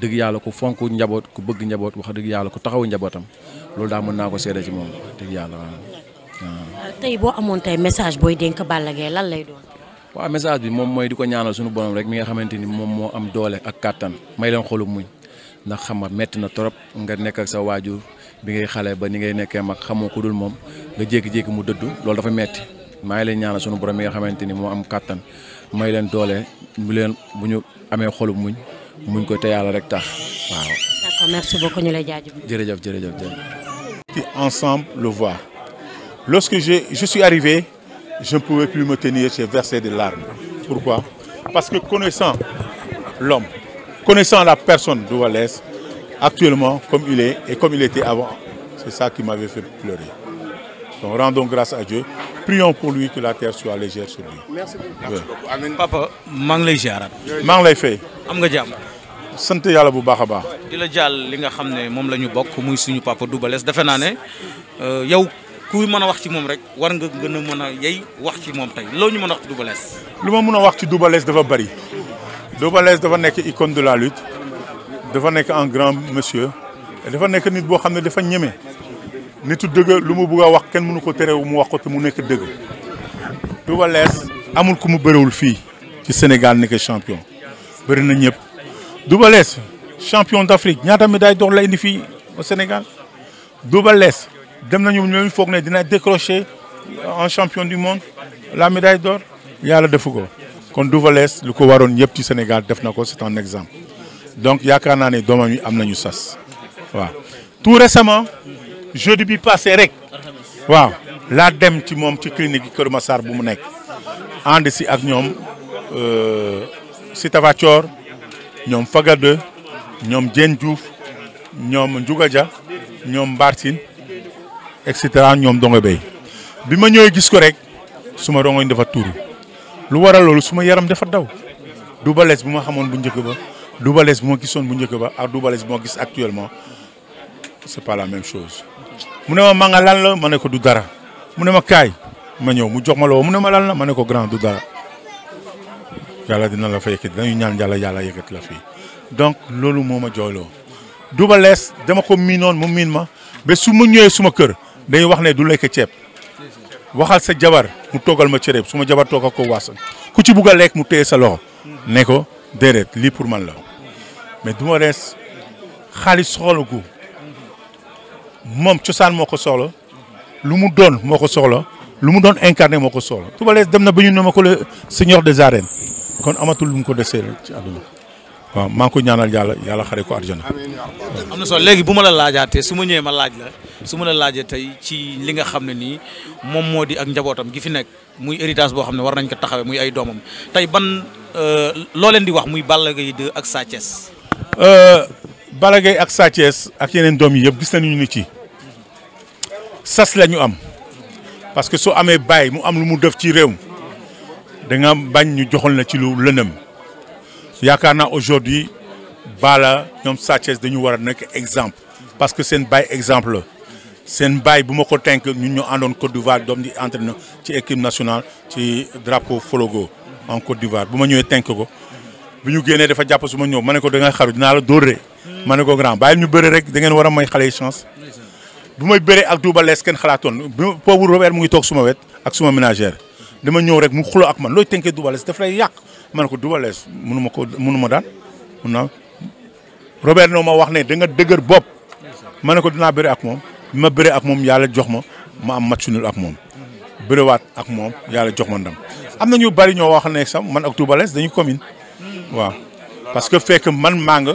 Speaker 11: dëgg yàlla ku fonk njaboot ku bëgg njaboot wax dëgg yàlla ku taxaw njabootam loolu daal naa ko seede ci moom dëgg yàlla waaw.
Speaker 1: Euh, boo amoon tey message booy dénk Balla Gaye lan lay doon.
Speaker 11: waaw message bi moom mooy di ko ñaanal suñu borom rek mi nga xamante ni moom moo am doole ak kàttan may leen xolu muñ ndax xam nga metti na trop nga nekk ak sa waajur bi ngay xale ba ni ngay nekkee mag xamoo ko dul moom nga jékki-jékki mu dëddu loolu dafa metti maa ngi leen ñaanal sunu borom mi nga xamante ni moo am kàttan may leen doole bu leen bu ñu amee xolu muñ muñ ko te yàlla rek tax waaw.
Speaker 1: d'accord merci ñu lay jaajëfal.
Speaker 11: jërëjëf jërëjëf jërëjëf. ensemble le voir
Speaker 12: lorsque je je suis arrivé je ne pouvais plus me tenir larmes pourquoi parce que connaissant l'homme connaissant la personne de Wallace actuellement comme il est et comme il était avant. C'est ça qui m'avait fait pleurer. Donc rendons grâce à Dieu. Prions pour lui que la terre soit légère sur lui. papa maa ngi lay ziarat. maa ngi lay fay. am nga jàmm. sant yàlla bu baax a baax. di
Speaker 13: la jàll li nga xam ne moom la ñu bokk muy suñu papa Double Less defe naa ne euh, yow ku mën a wax ci moom rek war nga gën a mën a yey wax ci moom tey loo ñu mën a wax ci Double Less.
Speaker 12: lu ma mën a wax ci Double dafa bari. Double Less dafa nekk icône de la lutte. dafa nekk un grand monsieur dafa nekk nit boo xam ne dafa ñeme nit tu dëgg lu mu bugg a wax kenn mënu ko terewu mu wax ko te mu nekk dëgg Double amul ku mu bëriwul fii ci Sénégal nekk champion bëri na ñëpp Double Less champion d'Afrique ñaata médaille d'or la indi fii au Sénégal Double Less dem nañu ñooñu foog ne dina décrocher en champion du monde la médaille d'or yàlla defu ko kon Double Less lu ko waroon ñëpp ci Sénégal def na ko c'est un exemple donc yaakaar naa ne doomam yi am nañu sas waaw tout récemment jeudi bi passé rek waaw laa dem ci moom ci clinique yi Kër bu mu nekk ànd si ak ñoom euh, Sitava Thior ñoom Fagade ñoom Dieng Diouf ñoom Ndiouga Dia ñoom Mbartine et cetera ñoom dongo béy bi ma ñëwee gis ko rek su ma rongoñ dafa tuuru lu waral loolu suma yaram dafa daw du balees bu ma xamoon bu njëkk ba. Double Less moo gisoon bu njëkk ba ak Double moo gis actuellement c'est pas la même chose mu ne ma ma nga lan la ma ne ko du dara mu ne ma kaay ma ñëw mu jox ma loo mu ne ma lan la ma ne ko grand du dara yàlla dina la fa yëkkati dañuy ñaan yàlla yàlla yëkkati la fii donc loolu moo ma jooyloo du Less dama ko miinoon mu miin ma ba su ma ñëwee suma kër dañuy wax ne du lekk ceeb waxal sa jabar mu toggal ma cëreeb su ma jabar toogal ko waasa ku ci bugg lekk mu téye sa loxo ne ko déedéet lii pour man la mais du ma rees xaalis soxla ko moom cosaan moo ko soxla lu mu doon moo ko soxla lu mu doon incarné moo ko soxla Touba Less dem na ba ñu ne ma ko le seigneur de arènes kon amatul lu mu ko desee ci àdduna waaw maa ko ñaanal yàlla yàlla xare ko arjana
Speaker 4: am na soo léegi bu
Speaker 13: ma la laajaatee su ma ñëwee ma laaj la su ma la laajee tey ci li nga xam ne nii moom moo di ak njabootam gi fi nekk muy héritage boo xam ne war nañ ko taxawee muy ay doomam tey ban euh, loo leen di wax muy Balla Gaye ak Sa
Speaker 5: Euh,
Speaker 12: Balla Gaye ak Sa Thiès ak yeneen doom yi yëpp gis nañu ni ci sas lañu am parce que soo amee bàyyi mu am lu mu def ci réew danga nga bañ ñu joxoon na ci lu lëndëm yaakaar naa aujourd'hui Balla ñoom Sa Thiès dañu war a nekk exemple parce que seen bàyyi exemple seen bàyyi bu ma ko tënk ñu ñoo àndoon Côte d'Ivoire doom di na ci équipe nationale ci drapeau Fologo en Côte d'Ivoire bu ma ñëwee tenk ko bu ñu génnee dafa jàpp su ma ñëw ma ne ko da nga xaru dinaa la dóor de ma ko grand bàyyil ñu bëre rek da war a may xale chance bu may bëree ak Double Less kenn xalaatoon bi boobu Robert mu ngi toog suma wet ak suma ménagère dama ñëw rek mu xulo ak man looy tënkee Double Less daf lay yàq ma ne ko Double Less mënu ma ko mënu ma daan mun naa Robert noo ma wax ne da nga dëgër ma ne ko dinaa bëri ak moom ma bëree ak moom yàlla jox ma ma am match nul ak moom bëriwaat ak moom yàlla jox ma ndam am na ñu bari ñoo wax ne sax man ak Double dañu commune waaw parce que fekk man maa nga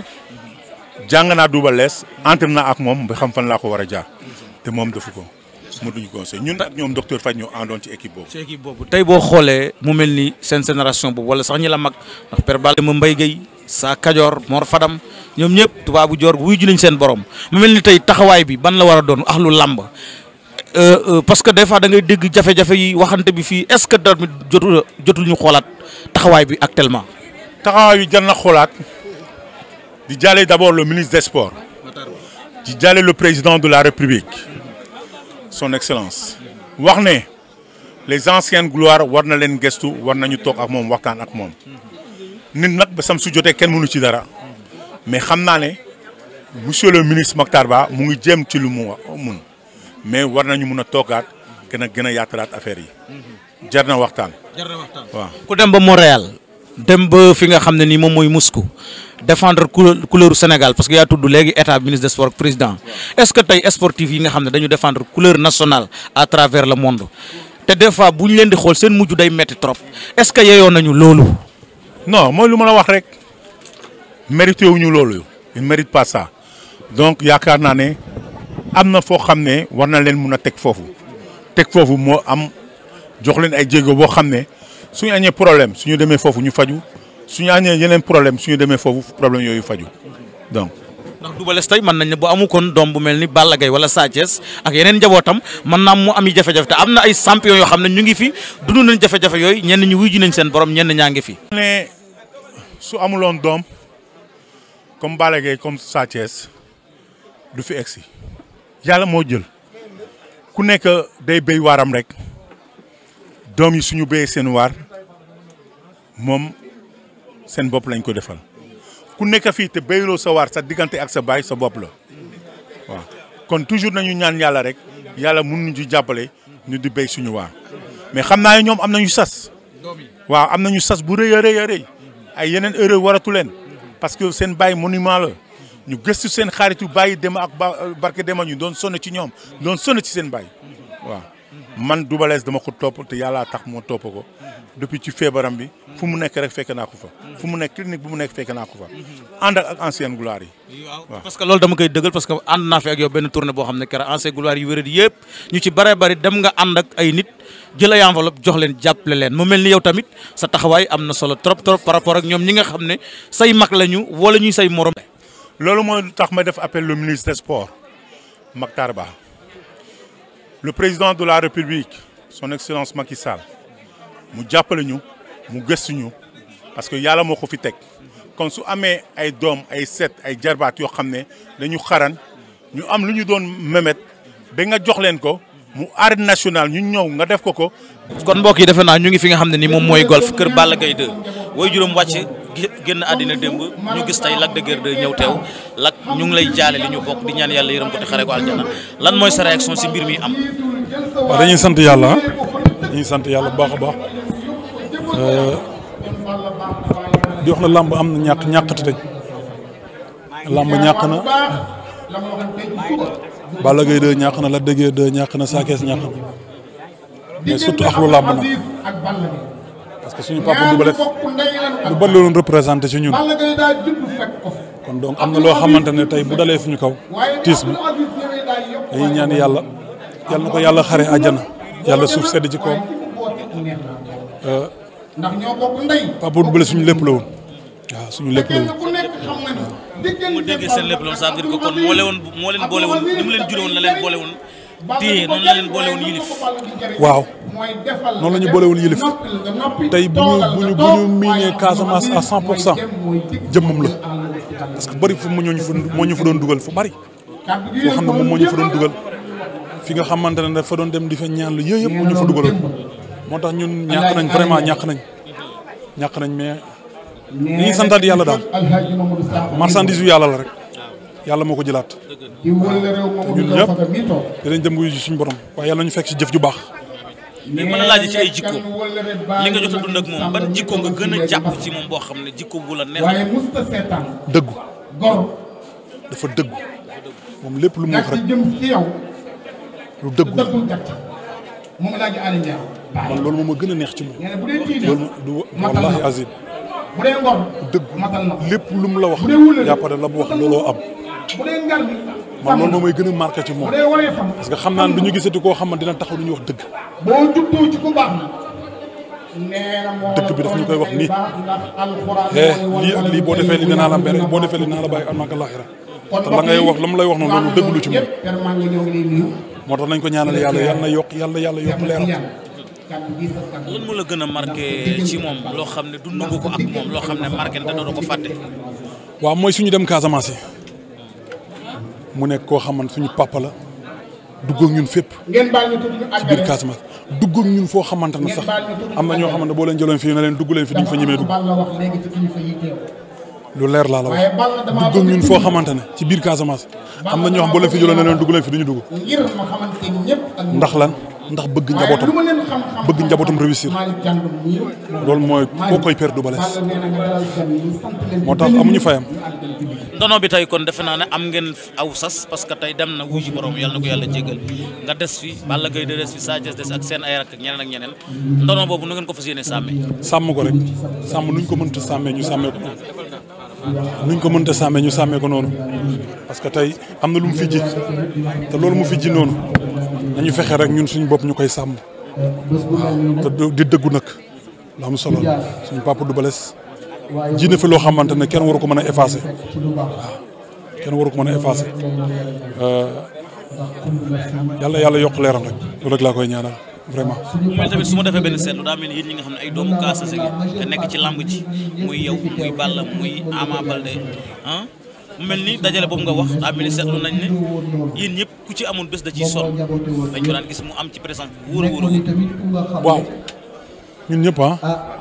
Speaker 12: jàng naa Double lees entre naa ak moom ba xam fan laa ko war a jaar te moom defu ko mu duñu conseil ñun ak ñoom docteur Faye ñoo àndoon ci équipe boobu. ci boobu tey boo xoolee mu mel ni seen génération boobu wala
Speaker 13: sax ñi la mag ndax per bal ma Mbaye Gueye saa Kajoor Mor Fadam ñoom ñëpp tubaabu joor wuy ji nañ seen borom mu mel ni tey taxawaay bi ban la war a doon ax lu làmb euh, euh, parce que des fois da ngay dégg jafe-jafe yi waxante bi fii est-ce que dara jotul jotul ñu xoolaat taxawaay
Speaker 12: bi actuellement. taxawaayu Janna Xolaat di jàllee d'abord le ministre des sports di jàllee le président de la république son excellence wax ne les anciennes gloires war na leen gestu war nañu toog ak moom waxtaan ak moom nit nag ba sam su jotee kenn mënu ci dara mais xam naa ne monsieur le ministre Makhtar Ba mu ngi jéem ci lu mu mun mais war nañu mun a toogaat gën a gën a yaatalaat affaire yi jar na waxtaan. jar
Speaker 13: dem ba fi nga xam ne nii moom mooy Moscou défendre couleur Sénégal parce que yaa tudd léegi état ministre des sports président est-ce que tey sportif yi nga xam ne dañu défendre couleur nationale à travers
Speaker 12: le monde te des fois bu ñu leen di xool seen mujj day metti trop est-ce que yeyoon nañu loolu. non mooy lu ma la wax rek mérité wuñu loolu ils ne méritent donc yaakaar naa ne am na foo xam ne war na leen mun a teg foofu teg foofu moo am jox leen ay jéego boo xam ne. suñu añee problème suñu demee foofu ñu faju suñu añee yeneen problème suñu demee foofu problème yooyu faju donc.
Speaker 13: ndax Double Less tey mën nañ ne bu amu kon doom bu mel ni Balla Gaye wala Sa Thiès ak yeneen njabootam mën naa mu am i jafe-jafe te am na ay champion yoo xam ne ñu ngi fi dund nañ jafe-jafe yooyu ñenn ñu wujji nañ seen borom ñenn ñaa ngi fi.
Speaker 12: ne su amuloon doom comme Balla comme Sa du fi egsi yàlla moo jël ku nekk day béy waaram rek. doom yi suñu béyee seen waar moom seen bopp lañ ko defal ku nekk fii te béyloo sa waar sa diggante ak sa baay sa bopp la waaw kon toujours nañu ñaan yàlla rek yàlla mun nañu jàppale ñu di béy suñu waar mais xam naa ne ñoom am nañu sas waa am na ñu sas bu rëy a rëy a ay yeneen heure waratu leen parce que seen baay monument la ñu gëstu seen xaaritu bàyyi dem ak barke dema ñu doon sonn ci ñoom doon sonn ci seen baay man Double Less dama ko topp te yàllaa tax moo topp ko depuis ci feebaram bi fu mu nekk rek fekke naa ko fa fu mu nekk clinique bu mu nekk fekk naa ko fa ànd ak ancienne gloire yi waaw parce
Speaker 13: que loolu dama koy dëggal parce que ànd naa fi ak yow benn tournée boo xam ne kera ñu ci bare bari dem nga ànd ak ay nit jël ay enveloppe jox leen jàppale leen mu mel ni yow tamit sa taxawaay am na solo
Speaker 12: trop trop par rapport ak ñoom ñi nga xam ne say mag lañu wala ñuy say morom loolu mooy tax ma def appel le ministre des sports Makhtar le président de la république son excellence Macky Sall mu jàppale ñu mu gëstuñu parce que yàlla moo ko fi teg kon su amee ay doom ay set ay jarbaat yoo xam ne dañu xaran ñu am lu ñu doon mémet ba nga jox leen ko mu arène nationale ñu ñëw nga def ko ko. kon mbokk yi defe naa ñu ngi fi nga xam ne ni moom mooy golf kër Balla
Speaker 13: gay 2 way juróom wàcc. génn àddina démb ñu gis tey Lac de Guiers ñëw teew Lac ñu ngi lay jaale li ñu bokk di ñaan yàlla yërëm ko te xare ko aljana lan mooy sa réaction si mbir mi am.
Speaker 3: waaw dañuy sant yàlla
Speaker 7: dañuy sant yàlla bu baax a baax euh, di wax na làmb am na ñàkk ñàkkati dañ làmb ñàkk na Balla Gaye 2 ñàkk na Lac de Guiers ñàkk na Sa Thiès ñàkk na mais surtout ak làmb na. suñu papa Double
Speaker 3: Less
Speaker 7: lu bëri ci ñun. kon donc am na loo xamante ne tey bu dalee suñu kaw tiis bi dañuy ñaan yàlla yal na ko yàlla xare àjjana yàlla suuf sedd ci kawam. ndax ñoo bokk papa Double suñu lépp la woon waaw suñu lépp la woon.
Speaker 13: moo leen boole woon ni mu leen jure woon la leen boole woon. téye noonu la boolewul yilif
Speaker 7: waaw noonu la ñu boolewul yilif tey bu ñu bu ñu bu ñu miinee Casamance à 100 pour cent jëmmam la parce que bëri fu mu ñooñu moo ñu fa doon dugal fu bari foo xam ne moom moo ñu fa doon fi nga xamante ne foo doon dem di fa ñaan lu yooyu moo ñu fa dugaloon moo tax ñun ñàkk nañ vraiment ñàkk nañ ñàkk nañ mais li santaat yàlla daal marchandise yu yàlla la rek. yàlla moo ko jëlaat. te ñun ñëpp dinañ dem wuyu ji suñu borom waaye yàlla nañu fekk ci jëf ju baax. mais a laaj a dund ak
Speaker 13: ci moom
Speaker 3: xam ne jikko bu
Speaker 7: dëggu. dafa dëggu. moom lépp lu mu wax rek lu dëggu man loolu moom ma gën a neex ci moom. loolu du wallaahi azim. dëggu lépp lu mu la wax. jàppale la mu wax looloo am. bu dee ngar bi. man loolu moom mooy gën a marqué ci moom. bu parce que xam naa ne du ñu gisati koo xam ne dina taxaw du ñu wax dëgg.
Speaker 3: boo bi daf ñu koy wax nii
Speaker 7: eh lii ak lii boo defee li danaa la mbere boo defee li danaa la bàyyi amaaka laaxira te la ngay wax la mu lay wax noonu loolu lu ci moom moo tax nañ ko ñaanal yàlla yàlla na yokk yàlla yàlla yokk leeram lan
Speaker 13: mu la gën a marqué loo xam ne dund nga ko
Speaker 3: ak moom loo xam
Speaker 7: waaw mooy suñu dem Casamance mu nekk koo xamante suñu papa la dugg ak ñun fépp. ngeen baal ñu tudd ñu ci biir Casamance dugg ak ñun foo xamante ne sax am na ñoo xamante ne boo leen jëloon fii na leen dugg leen fi duñ fa ñemee dugg. lu leer laa la foo xamante ne ci biir Casamance am xam boo leen fi jëloon na leen fi duñu dugg. ndax lan ndax bëgg njabootam bëgg njabootam réussir loolu mooy koo koy perdre du balees moo tax ñu fayam
Speaker 13: tono bi tey kon defe naa ne am ngeen aw sas parce que tey dem na wuy ji borom yàlla na ko yàlla jégal nga des fi Balla Gaye da des fi Sa Thiès des ak seen ay rakk ak ñeneen ak ñeneen ndono boobu nu ngeen ko fas yéene sàmme
Speaker 7: sàmm ko rek sàmm nuñ ko mënta sàmmee ñu sàmmee ko ko mënta sàmmee ñu sàmmee ko noonu parce que tey am na lu mu fi te
Speaker 1: loolu mu fi ji noonu nañu fexe rek
Speaker 7: ñun suñu bopp ñu koy sàmm te di dëggu nag lu am solo suñ papa du bales ji na fi kenn waru ko mën a effacé waaw kenn waru ko mën a effacé euh,
Speaker 10: yàlla yàlla yokk leeram
Speaker 7: rek loolu rek laa koy ñaanal vraiment.
Speaker 5: mais tamit su ma defee benn seetlu
Speaker 13: daa mel ni yéen ñi nga xam ne ay doomu Kaasase gi te nekk ci ah, mu ni dajale boobu nga wax daa mel ni seetlu nañ ne yéen ñëpp ku ci amoon bés da ciy sonn dañ ko daan gis mu am ci présence bu wóor a wóor
Speaker 7: ah. ah.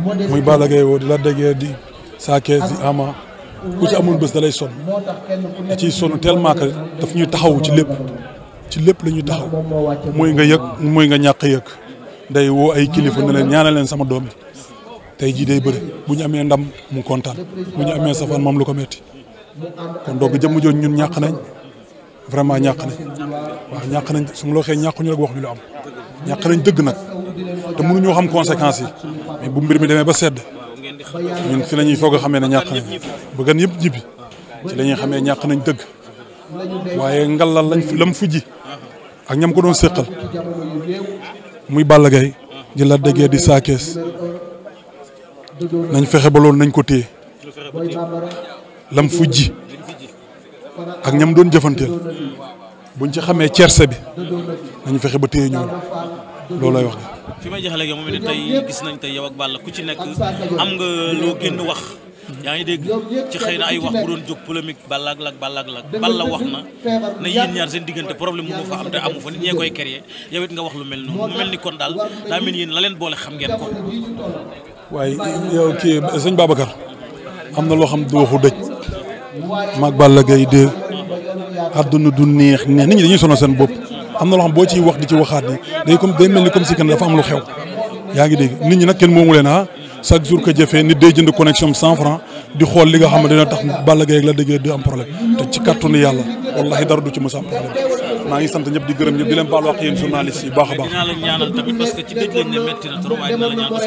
Speaker 7: muy Balla Gaye woo di Lac de di Sa Thiès di Ama ku ci amul bés da lay sonn ci son sonn tellement daf ñuy taxaw ci lépp ci lépp la ñuy taxaw muy nga yëg muy nga ñàkk yëg day woo ay kilifa ne leen leen sama doom bi tey jii day bëri bu ñu amee ndam mu kontaan bu ñu amee safaan moom lu ko metti kon donc jëmm jooju ñun ñàkk nañ vraiment ñàkk nañ waaw ñàkk nañ su ma la waxee ñàkkuñu rek waxuñu lu am nañ dëgg nag. te ñoo xam conséquences yi mais bu mbir mi demee ba sedd ñun si la ñuy foog xamee ne ñàkk nañ ba gan yëpp jibi ci la xamee ñàkk nañ dëgg waaye ngalal lañ lam fu ji ak ñam ko doon séqal muy Balla gay di la déggee di saakees nañ fexe ba loolu nañ ko téye lam fu ji ak ñam doon jëfanteel buñ ci xamee cerse bi nañu fexe ba téye ñooñu loolu lay wax.
Speaker 13: fi may jeexalee ak moom it gis nañ tey yow ak Balla ku ci nekk am nga loo génn wax. yaa ngi dégg ci xëy na ay wax bu doon jóg polémique Balla ak Lac Balla wax na ne yéen ñaar seen diggante problème mu fa am te amu fa nit ñee koy créer yow nga wax lu mel noonu mu mel ni kon daal daa mel yéen la leen boole xam ngeen ko.
Speaker 7: waaye yow kii sëñ am na loo xam du waxu dëj maag Balla Gaye de àdduna du neex neex nit ñi dañuy sonal seen bopp. am na loo xam boo ciy wax di ci waxaat ni day comme day mel ni comme si que dafa am lu yaa ngi dégg nit ñi nag kenn moomu leen ah chaque jour que jëfee nit day jënd connexion cent franc di xool li nga xam ne dina tax Balla Gaye ak Lac de Guiers du am problème te ci kàttanu yàlla wallahi dara du ci mës problème. maa ngi sant ñëpp di gërëm ñëpp di leen baal wax yéen journaliste yi a baax. dinaa
Speaker 13: la ñaanal tamit parce que ci dëj lañ ne métti na trop waaye dina la ñaan waaw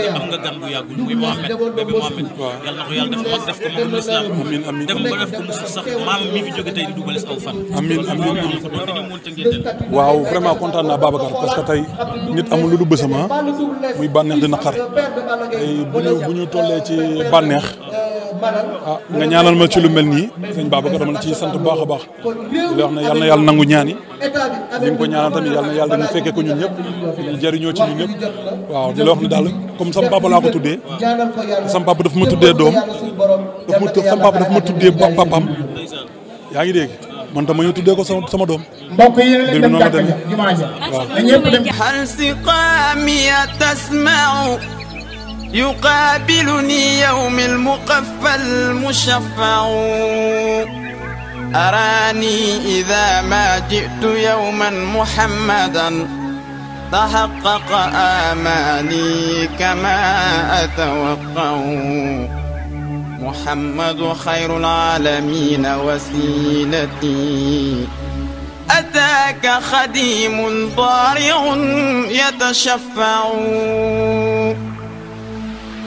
Speaker 7: yàlla na naa Babacar parce tey nit amul lu du bësama ah. muy bànneex di naqar bu ñu tollee ci bànneex a ah, nga ñaanal ma ci lu mel nii sëñ Babacar dama la ciy sant baax a baax li wax ne na yàlla nangu ñaani ñu ngi ko ñaanal tamit yal na yàlla dañu fekkee ko ñun ñëpp ñu jëriñoo ci ñun ñëpp waaw di la wax ne daal comme sam papa ko tuddee sam papa daf ma tuddee doom daf ma sam papa daf ma tuddee papam yaa ngi dégg man tam ma ñëw tuddee ko sama sama doom mbokk yi leen dem jàkka
Speaker 3: waaw ñëpp dem
Speaker 14: hal siqaami يقابلني يوم المقفى المشفع أراني إذا ما جئت يوما محمدا تحقق آمالي كما أتوقع محمد خير العالمين وسيلتي أتاك خديم ضارع يتشفع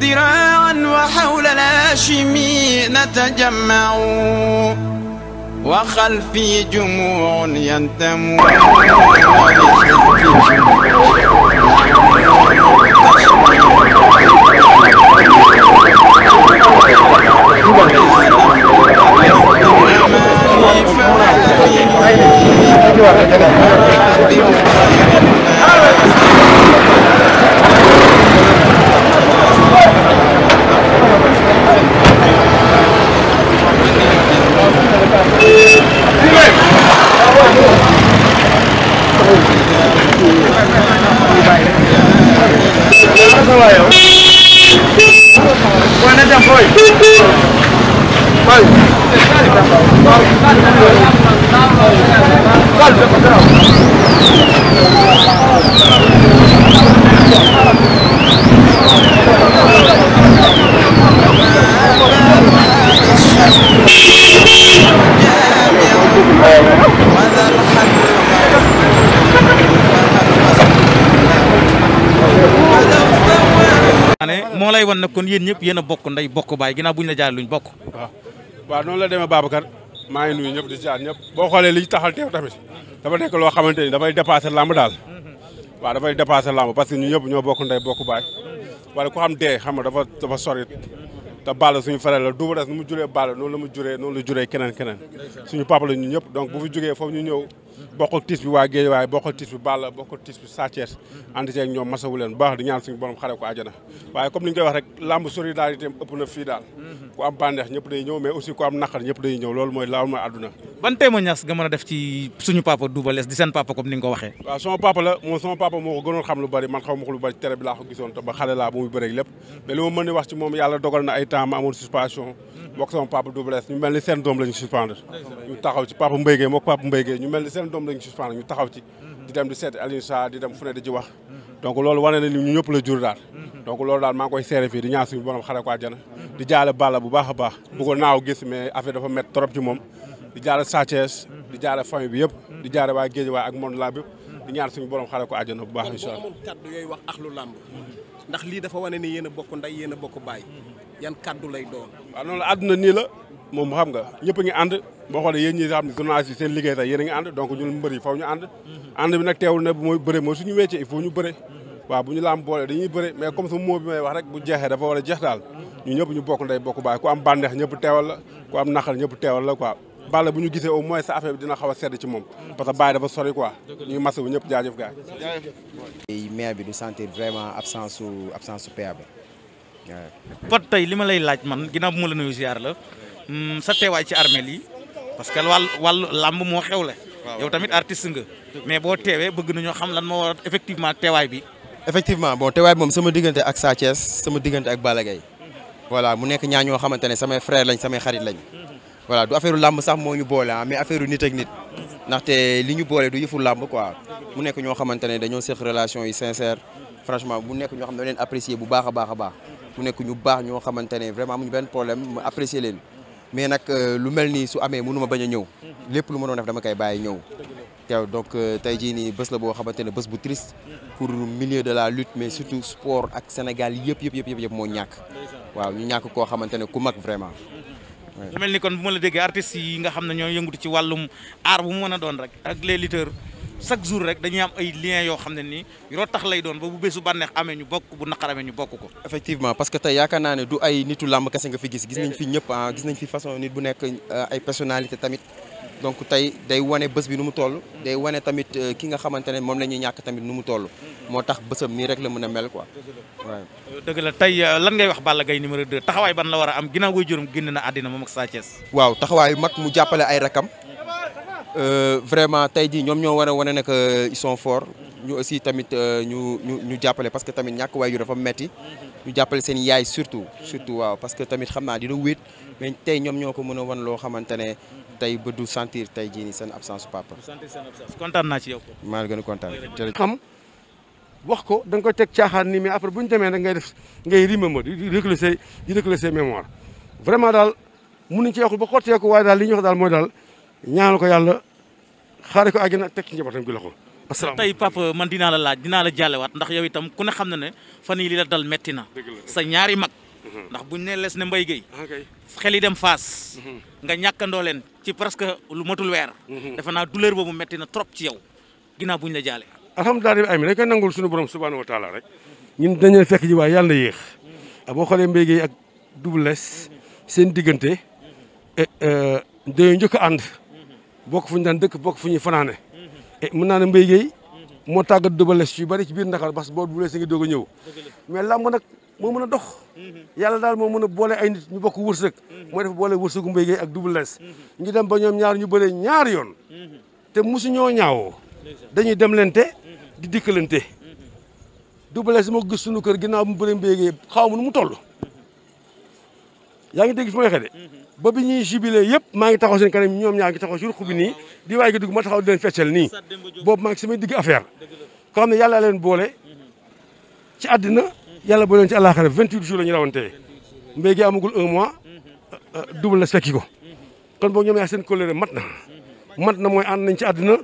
Speaker 14: ذراعا وحول الهاشمي نتجمع وخلفي جموع ينتمون
Speaker 13: kon yéen ñëpp yéen a bokk nday bokk baay ginnaaw bu ñu la jaar luñ bokk waaw waaw
Speaker 15: noonu la demee Babacar maa ngi nuyu ñëpp di jaar ñëpp boo xoolee liñ taxal teew tamit dafa nekk loo xamante ni dafay dépassé làmb daal waaw dafay dépassé làmb parce que ñu ñëpp ñoo bokk nday bokk baay wala ku xam dee xam dafa dafa la Balla suñu frère la Double Less nu mu juree Balla noonu la mu juree noonu la juree keneen keneen suñu papa la ñun ñëpp donc bu fi jógee foofu ñu ñëw bokk tiis bi waa géej waaye bokk tiis bi Balla bokk tiis bi Sa Thiès ànd ci ak ñoom masawu leen baax di ñaan suñu borom xare ko àjjana waaye comme ni ñu wax rek lamb solidarité ëpp na fii daal mhm. ku am bànneex ñëpp day ñëw mais aussi ku am naqar ñëpp day ñëw loolu mooy laaw mooy àdduna
Speaker 13: ban témoignage nga mën a def ci suñu papa Double Less di seen papa comme ni nga ko waxee.
Speaker 15: waaw la moom sama papa moo ko gënoon xam lu bari man xaw ma ko ba xale laa wax ci moom yàlla dogal na ay temps ma amoon suspension sama papa Double ñu mel ni seen doom lañu suspendre ñu taxaw ci papa Mbaye Gueye mook papa Mbaye Gueye ñu mel ni seen doom lañu suspendre ñu taxaw ci di dem di seet Alioune Sarr di dem fu ne di ci wax donc loolu wane ñu ñëpp la jur daal di jaare Sa Thiès di mhm. jaare famille bi yëpp di mhm. jaare waa Guédiawaye ak monde làmb yëpp di ñaan suñu borom xare ko àjjana bu baax incha allah amoon kaddu yooyu
Speaker 3: wax axlu làmb ndax lii dafa wane a a mhm.
Speaker 15: la àdduna nii la moom xam nga ñëpp a ngi ànd boo xoolee yéen ñi xam ne journaliste yi seen a ngi ànd donc ñun mbër yi mooy suñu métier il faut ñu bëre waaw bu ñu làmb boole dañuy bëre mais comme sama mot bi may wax rek bu jeexee dafa war a jeex daal ñu ñëpp ñu bokk nday bokk baay ku am bànneex ñëpp teewal la ku am naqar ñëpp teewal la bala bu ñu gisee au moins sa affaire bi dina xaw a sedd ci moom parce que Baye dafa sori quoi ñuy masa wu ñëpp jaajëf gars yi maire bi du sentir vraiment absence su absence su PA bi
Speaker 13: tey li ma lay laaj man ginnaaw bu ma la nuyu ziar la hmm, sa teewaay ci armeel yi parce que wàll wàllu làmb moo xew xewle yow tamit artiste nga mais boo teewee bëgg nañoo xam lan moo war effectivement teewaay bi
Speaker 16: effectivement bon teewaay bi moom sama diggante ak Sa sama diggante ak bal Gaye voilà mu nekk ñaa ñoo xamante ne samay frère lañ samay xarit lañ voilà du affaire làmb sax moo ñu boole ah mais affaire nit ak nit ndaxte li ñu boole du yëfu làmb quoi mu nekk ñoo xamante ne dañoo seq relation yi sincère franchement bu nekk ñoo xam ne dañ leen apprécier bu baax a baax a baax mu nekk ñu baax ñoo xamante ne vraiment ñu benn problème mu apprécier leen mais nag euh, lu mel ni su amee mënu ma bañ a ñëw lépp lu ma doon def dama koy bàyyi ñëw teew donc euh, tey jii nii bés la boo xamante ne bés bu triste pour milieu de la lutte mais surtout sport ak Sénégal yëpp yëpp yëpp yëpp moo ñàkk waaw ñu ñàkk koo xamante ne ku mag vraiment mu
Speaker 13: mel ni kon bu ma la déggee artistes yi nga xam ne ñoo yëngutu ci wàllum art bu mu mën a doon rek ak les lutteurs chaque jour rek dañuy am ay liens yoo xam ne nii yoo tax lay doon ba bu bésu bànneex amee ñu bokk bu naqar amee ñu bokk ko.
Speaker 16: effectivement parce que tey yaakaar naa ne du ay nitu làmb kese nga fi gis. gis nañ fi ñëpp ah gis nañ fi façon nit bu nekk euh, ay personnalité tamit. donc tey day wane bés bi nu mu toll day wane tamit euh, ki nga xamante ne moom la ñuy ñàkk tamit nu mu toll moo tax bésam nii rek la mën a mel quoi waaw
Speaker 13: dëgg tey euh, lan ngay wax Balla Gaye numéro 2 taxawaay ban la war a am ginnaaw way
Speaker 16: juróom génn na àddina moom ak Sa Thiès waaw taxawaay mag mu jàppale ay rakam euh, vraiment tey jii ñoom ñoo war a wane ne que ils ñu aussi tamit euh, ñu ñu ñu jàppale parce que tamit ñàkk waajur dafa metti ñu jàppale seen yaay surtout surtout waaw parce que tamit xam naa dina wéet mais tey ñoom ñoo ko mën a wan loo xamante ne tey ba du sentir tey jii nii seen absence papa. du
Speaker 13: sentir seen kontaan naa
Speaker 10: ci yow. maa ngi gën a kontaan xam wax ko da nga koy teg caaxaan nii mais après bu ñu demee nag ngay def ngay remember di reculer say di reculer say mémoire vraiment daal mënuñ ci waxul ba xotteeku waaye daal li ñuy wax daal mooy daal ñaanal ko yàlla xaare ko àggina teg ci njabootam gi loxo tey
Speaker 13: papa man dinaa la laaj dinaa la jàllewaat ndax yow itam ku ne xam na ne fan yii li la dal metti sa ñaari mag mhm. ndax buñ ne les ne mbay géey xel yi dem faas mhm. nga ñàkkandoo leen ci presque lu matul weer mhm. defe naa douleur
Speaker 10: boobu metti na trop ci yow ginnaaw buñ la jaale alhamdulilah rabbi amin dañ koy nangul suñu borom subhanahu wa rek ñun dañu fekk ji waaye yàlla na yéex ah, boo xoolee mbay géey ak double seen diggante eh, eh, dañoo njëkk a bokk fu ñu daan dëkk bokk fu ñuy fanaane Eh, mën naa ne Mbaye moo tàggat Double Less yu bari ci biir Ndakaaru parce que boo Double Less ngi doog a ñëw mais làmb nag moo mën a dox yàlla daal moo mën a boole ay nit ñu bokk wërsëg mooy def boole wërsëgu Mbaye Guèye ak Double Less ñu dem ba ñoom ñaar ñu bëree ñaar yoon te mosu ñoo ñaawoo dañuy demlante di dikkalante Double Less moo gis suñu kër ginnaaw mu bëree Mbaye xaw ma nu mu toll yaa ngi dégg fi may waxee de ba bi ñuy jubilé yëpp maa ngi taxaw seen kanam ñoom ñaa ngi taxaw sur xubi nii di waay gi dugg ma taxaw di nii boobu maa ngi samay digg affaire koo xam ne leen boole ci àddina yàlla boole leen ci àllaaxira 28 jours la ñu rawantee mbéy gi amagul mois double la fekki kon boog ñoom yaa seen colère mat na mat na mooy ànd nañ ci àddina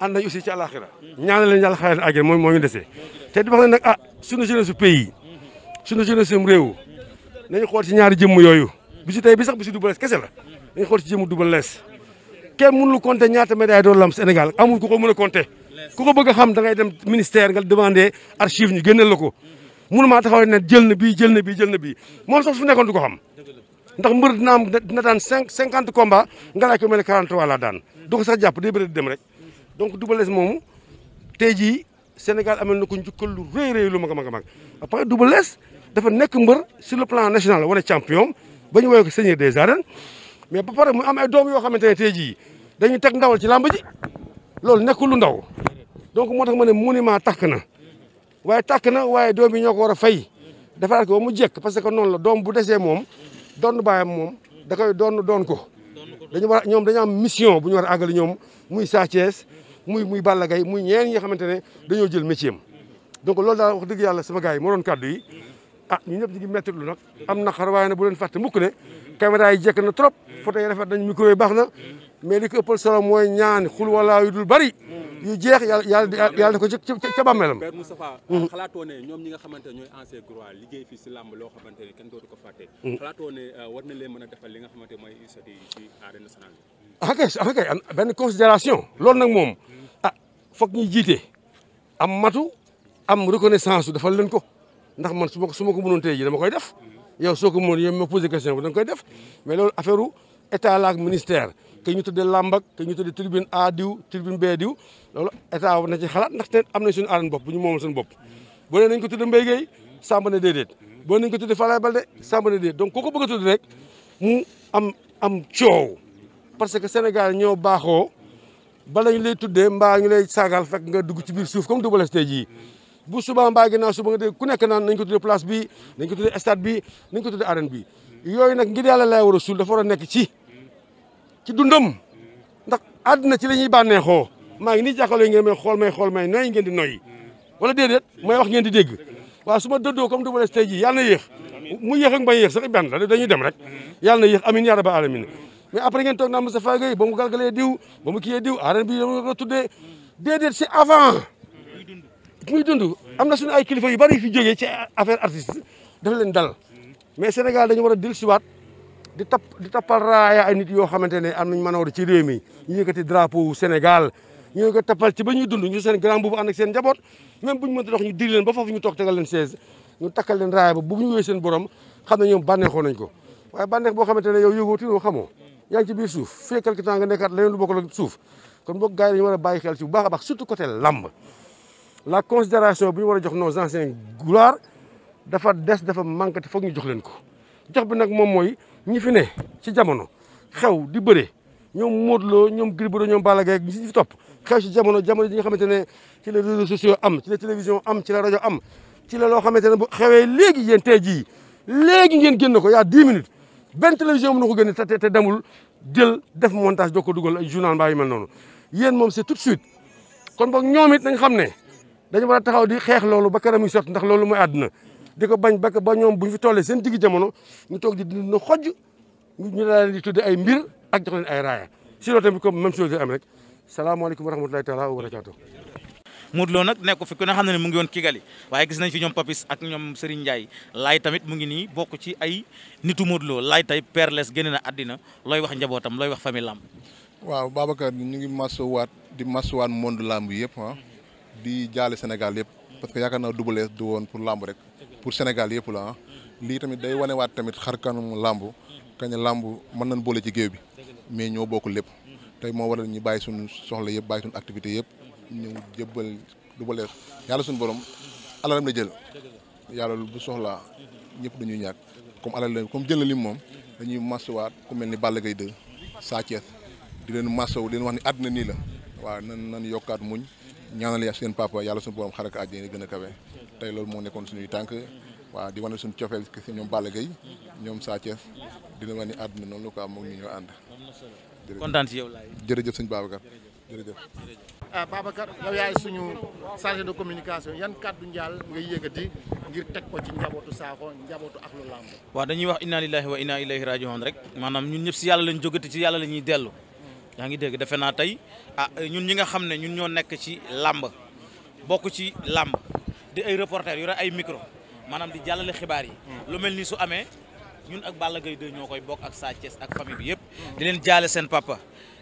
Speaker 10: ànd nañ aussi ci àllaaxira ñaanal leen yàlla xaaral àggee mooy moo ñu desee te di wax ne nag ah suñu jeunesse su pays suñu jeunesse su réew nañu xool ci ñaari jëmm yooyu bisu tey bi sax bisu Double Less kese la dañuy xool ci jëmu Double Less kenn mënul compter ñaata médaille doon la am Sénégal amul ku ko mën a compter ku ko bëgg a xam da ngay dem ministère nga demandé archive ñu génneel la ko mënumaa taxaw ne jël na bii jël na bii jël na bii moom sax su nekkoon du ko xam ndax mbër dina am dina daan cinq cinquante combat nga laaj ko mel ne 43 laa daan du ko sax jàpp day bëri di dem rek donc Double Less moomu tey jii Sénégal amel na ko njukkal lu rëy rëy lu mag a mag a mag après Double Less dafa nekk mbër sur le plan national wane champion ba ñu woowee ko seigneur des arènes mais ba pare mu am ay doom yoo xamante ne tey jii dañuy teg ndawal ci làmb ji loolu nekkul lu ndaw donc moo tax ma ne monument tàkk na waaye takk na waaye doom yi ñoo ko war a fay defaraat ko ba mu jekk parce que noonu la doom bu desee moom doon baayam moom da koy doon doon dañu war ñoom dañu am mission bu ñu war a àggali ñoom muy Sa muy muy Balla Gaye muy ñeen ñi nga xamante ne dañoo jël métier am loolu daal wax dëgg yàlla sama gars yi moo doon kàddu yi ah ñu ñëpp ñu ngi métti lu nag am na xar waaye na bu leen fàtte mukk ne caméra jekk na trop photo yi rafet nañ micro baax na mais li ko ëppal solo mooy ñaan xul wala yu dul bari yu jeex yàlla yàlla ko ci ca bàmmeelam. Mm-hmm.
Speaker 15: ñi nga xamante ne ñooy ancien gloire liggéey fii si làmb loo xamante ne kenn dootu ko fàtte. Mm-hmm. xalaatoo ne euh, war
Speaker 2: a defal li nga xamante mooy UCD ci arène nationale
Speaker 10: bi. kay ah kay ah, benn loolu nag moom ah foog ñuy jiite am matu am reconnaissance su defal leen ko. ndax man su ma su ma ko mënoon tey jii dama koy def yow soo ko mënoon yow ma posé question bi da koy def mais loolu affaire u état la ak ministère que ñu tuddee làmb ak que ñu tuddee tribune A diw tribune B diw loolu état na ci xalaat ndaxte am nañ suñu aaran bopp bu ñu moomal suñu bopp boo nee nañ ko tuddee Mbaye Guèye Samba ne déedéet boo nañ ko tuddee Falaye Balde Samba ne déedéet donc koo ko bëgg a tudd rek mu am am coow parce que Sénégal ñoo baaxoo bala ñu lay tuddee mbaa ñu lay saagal fekk nga dugg ci biir suuf comme Double Less tey jii bu subaa mbaa ginnaaw suba nga dégg ku nekk naan nañ ko tuddee place bi nañ ko tuddee stade bi nañ ko tuddee arène bi yooyu nag ngir yàlla laay war a suul dafa war a nekk ci ci dundam ndax àdduna ci la ñuy bànneexoo maa ngi nii jàkkaarloo ngeen may xool may xool may nooy ngeen di noyyi wala déedéet mooy wax ngeen di dégg waa su ma dëddoo comme Double Less jii yàlla na yéex mu yéex ak mbay yéex sax benn la dañuy dem rek yàlla na yéex amin ba rabal alamin mais après ngeen toog naa Moustapha mu galgalee diw ba mu kiyee diw arène bi la tuddee déedéet avant muy dund am na suñu ay kilifa yu bari fi jege ci affaire artiste dafa leen dal mais Sénégal dañu war a dellusiwaat di tap di tappal raaya ay nit yoo xamante ne am nañ mën a ci réew mi ñu yëkkati drapeau Sénégal ñu ngi ko tappal ci ba ñuy ñu seen grand boobu ànd seen njaboot même bu ñu dox ñu diri leen ba foofu ñu toog tegal leen chaise ñu takkal leen raaya ba bu ñu wéy seen borom xam ne ñoom bànneexoo ko waaye boo xamante ne yow yëgootinoo xamoo yaa ngi ci biir suuf fii quelque temps nga nekkaat leneen lu bokkul ak suuf la considération bi ñu war a jox nos anciens gloires dafa des dafa manqué te foog ñu jox leen ko jox bi nag moom mooy ñi fi ne ci jamono xew di bëre ñoom Modou Lo ñoom Gris Bordeaux ñoom Balla Gaye ñi ci topp xew ci jamono jamono ji nga xamante ne ci les réseaux sociaux am ci la télévision am ci la rajo am ci la loo xamante ne bu xewee léegi yéen tey jii léegi ngeen génn ko yaa 10 minutes benn télévision mën na ko génne te te demul jël def montage doo ko dugal ay journal mbaa yu mel noonu yéen moom c'est tout kon boog ñoom it nañ xam ne dañu war a taxaw di xeex loolu ba këram yu sotti ndax loolu mooy àdduna di ko bañ ba ba ñoom bu ñu fi tollee seen digg jamono ñu toog di dund na xojj ñu daal di tudde ay mbir ak jox leen ay raaya si loolu tamit comme même chose am rek salaamaaleykum wa rahmatulahi taala wa barakaatu.
Speaker 13: Modou Lo nag nekk fi ku ne xam ne mu ngi woon Kigali waaye gis nañ fi ñoom Papis ak ñoom Serigne Ndiaye laay tamit mu ngi nii bokk ci ay nitu Modou laay tey perles génne na àddina looy wax njabootam looy wax famille lamb
Speaker 8: waaw Babacar ñu ngi masuwaat di masuwaat monde lamb yëpp ah. di jaale Sénégal yëpp parce que yaakaar naa Double Less du woon pour làmb rek pour Sénégal yëpp la ah. lii tamit day wanewaat tamit xar kanam làmb kañ làmb mën nañ boole ci géew bi mais ñoo bokk lépp tey moo waral ñu bàyyi suñu soxla yëpp bàyyi suñu activité yëpp ñu jëbbal Double Less yàlla suñu borom alalam la jël yàlla bu soxlaa ñëpp dañuy ñàkk comme alal la comme jël na moom dañuy masawaat ku mel ni Balla Gaye 2 Sa Thiès di leen masaw wu leen wax ni àddina nii la waa nan nan yokkaat muñ ñaanal ya seen papa yàlla suñu borom xarak àjjana gën a kawe tey loolu moo nekkoon suñuy tànk waaw di wane suñu cofeel ci ñoom ñoom Sa Thiès dina wane àdduna noonu la quoi moom ñu ñoo ànd. yow laay jërëjëf suñu Babacar jërëjëf.
Speaker 3: ah Babacar yow suñu chargé de communication yan kàddu njaal ngay yëkkati ngir teg ko ci njabootu Sakho njabootu Ahlou Lamb.
Speaker 13: waaw dañuy wax inna lillahi wa inna ilayhi rajiun rek maanaam ñun ñëpp si yàlla lañ jógati ci yàlla la ñuy dellu. yaa ngi dégg defe naa tey a ah, ñun ñi nga xam ne ñun ñoo nekk ci làmb bokk ci làmb di ay reporter yore ay micro maanaam di jàllale xibaar yi. Mm. lu mel ni su amee ñun ak Balla Gaye 2 ñoo koy bokk ak Sa Thiès ak famille bi yëpp. di leen jaale seen papa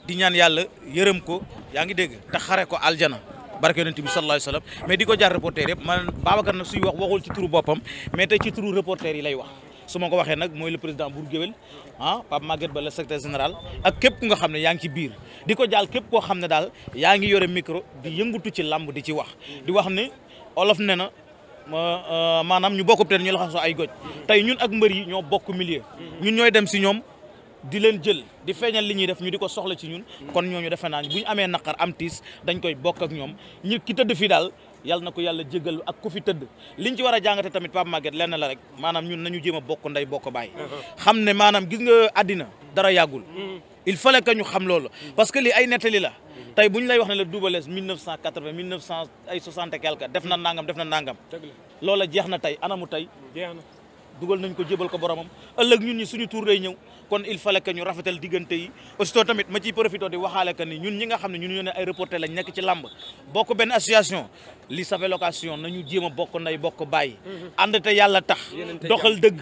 Speaker 13: di ñaan yàlla yërëm ko yaa ngi dégg te xare ko aljana barke yonent bi sallallahu alayhi wasallam mais di ko jaar reporter yëpp man Babacar nag suy wax waxul ci turu boppam mais tey ci turu reporter yi lay wax. su ma ko waxee nag mooy la président Bour Guéweul ah Pape Maguette Ba la secrétaire général ak képp ku nga xam ne yaa ngi ci biir di ko jaal képp koo xam ne daal yaa ngi yore micro di yëngatu ci làmb di ci wax di wax ne olof ne na euh, maanaam ñu bokk peut-être ñu la ay goj tey ñun ak mbër yi ñoo bokk milieu ñun ñooy dem si ñoom di leen jël di feeñal li ñuy def ñu di ko soxla ci ñun kon ñooñu defe naa bu ñu amee naqar am tiis dañ koy bokk ak ñoom ñi ki tëdd fii daal yal na ko yàlla jégal ak ku fi tëdd liñ ci war a jàngate tamit Pape Maguette lenn la rek maanaam ñun nañu jéem a bokk ndey bokk bàyyi xam ne maanaam gis nga àddina dara yàggul mm. il fallait que ñu xam loolu mm. parce que lii ay nettali la tey bu ñu lay wax ne la Double def na nangam def na nangam loola jeex na tey anamu tey dugal nañ ko jébal ko boromam ëllëg ñun ñi suñu tour day ñëw kon il fallait que ñu rafetal diggante yi aussitôt tamit ma ciy profité di waxaale que ni ñun ñi nga xam ne li safe location nañu jéema a bokk nday bokk bàyyi mhm. ànd te yàlla tax doxal dëgg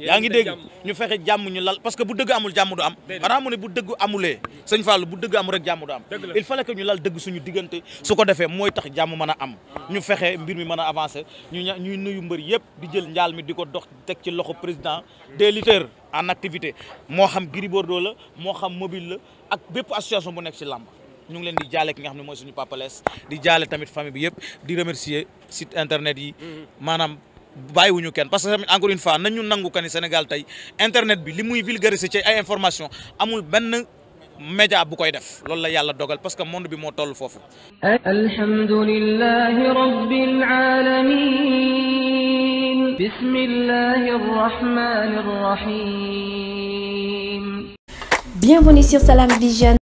Speaker 13: yaa ngi dégg ñu fexe jàmm ñu lal parce que bu dëgg amul jàmm du am xanaa mu ne bu dëgg amulee sëñ Fallou bu dëgg amul rek jàmm du am il fallait que ñu lal dëgg suñu diggante su ko defee mooy tax jàmm mën a am ñu fexe mbir mi mën a avancer ñu ñuy nuyu mbër yëpp di jël njaal mi di ko dox teg ci loxo président des lutteurs en activité moo xam Gris Bordeaux la moo xam mobile la ak bépp association bu nekk ci làmb ñu ngi leen di jaale ki nga xam ne mooy suñu Papa Less di jaale tamit famille bi di remercier site internet yi mm-hmm. maanaam bàyyiwuñu kenn parce que tamit encore une fois nañu nangu kani Sénégal tey internet bi li muy vulgariser ci ay information amul benn média bu koy def loolu la yàlla dogal parce que monde bi moo toll
Speaker 9: foofu
Speaker 3: alhamdulillahi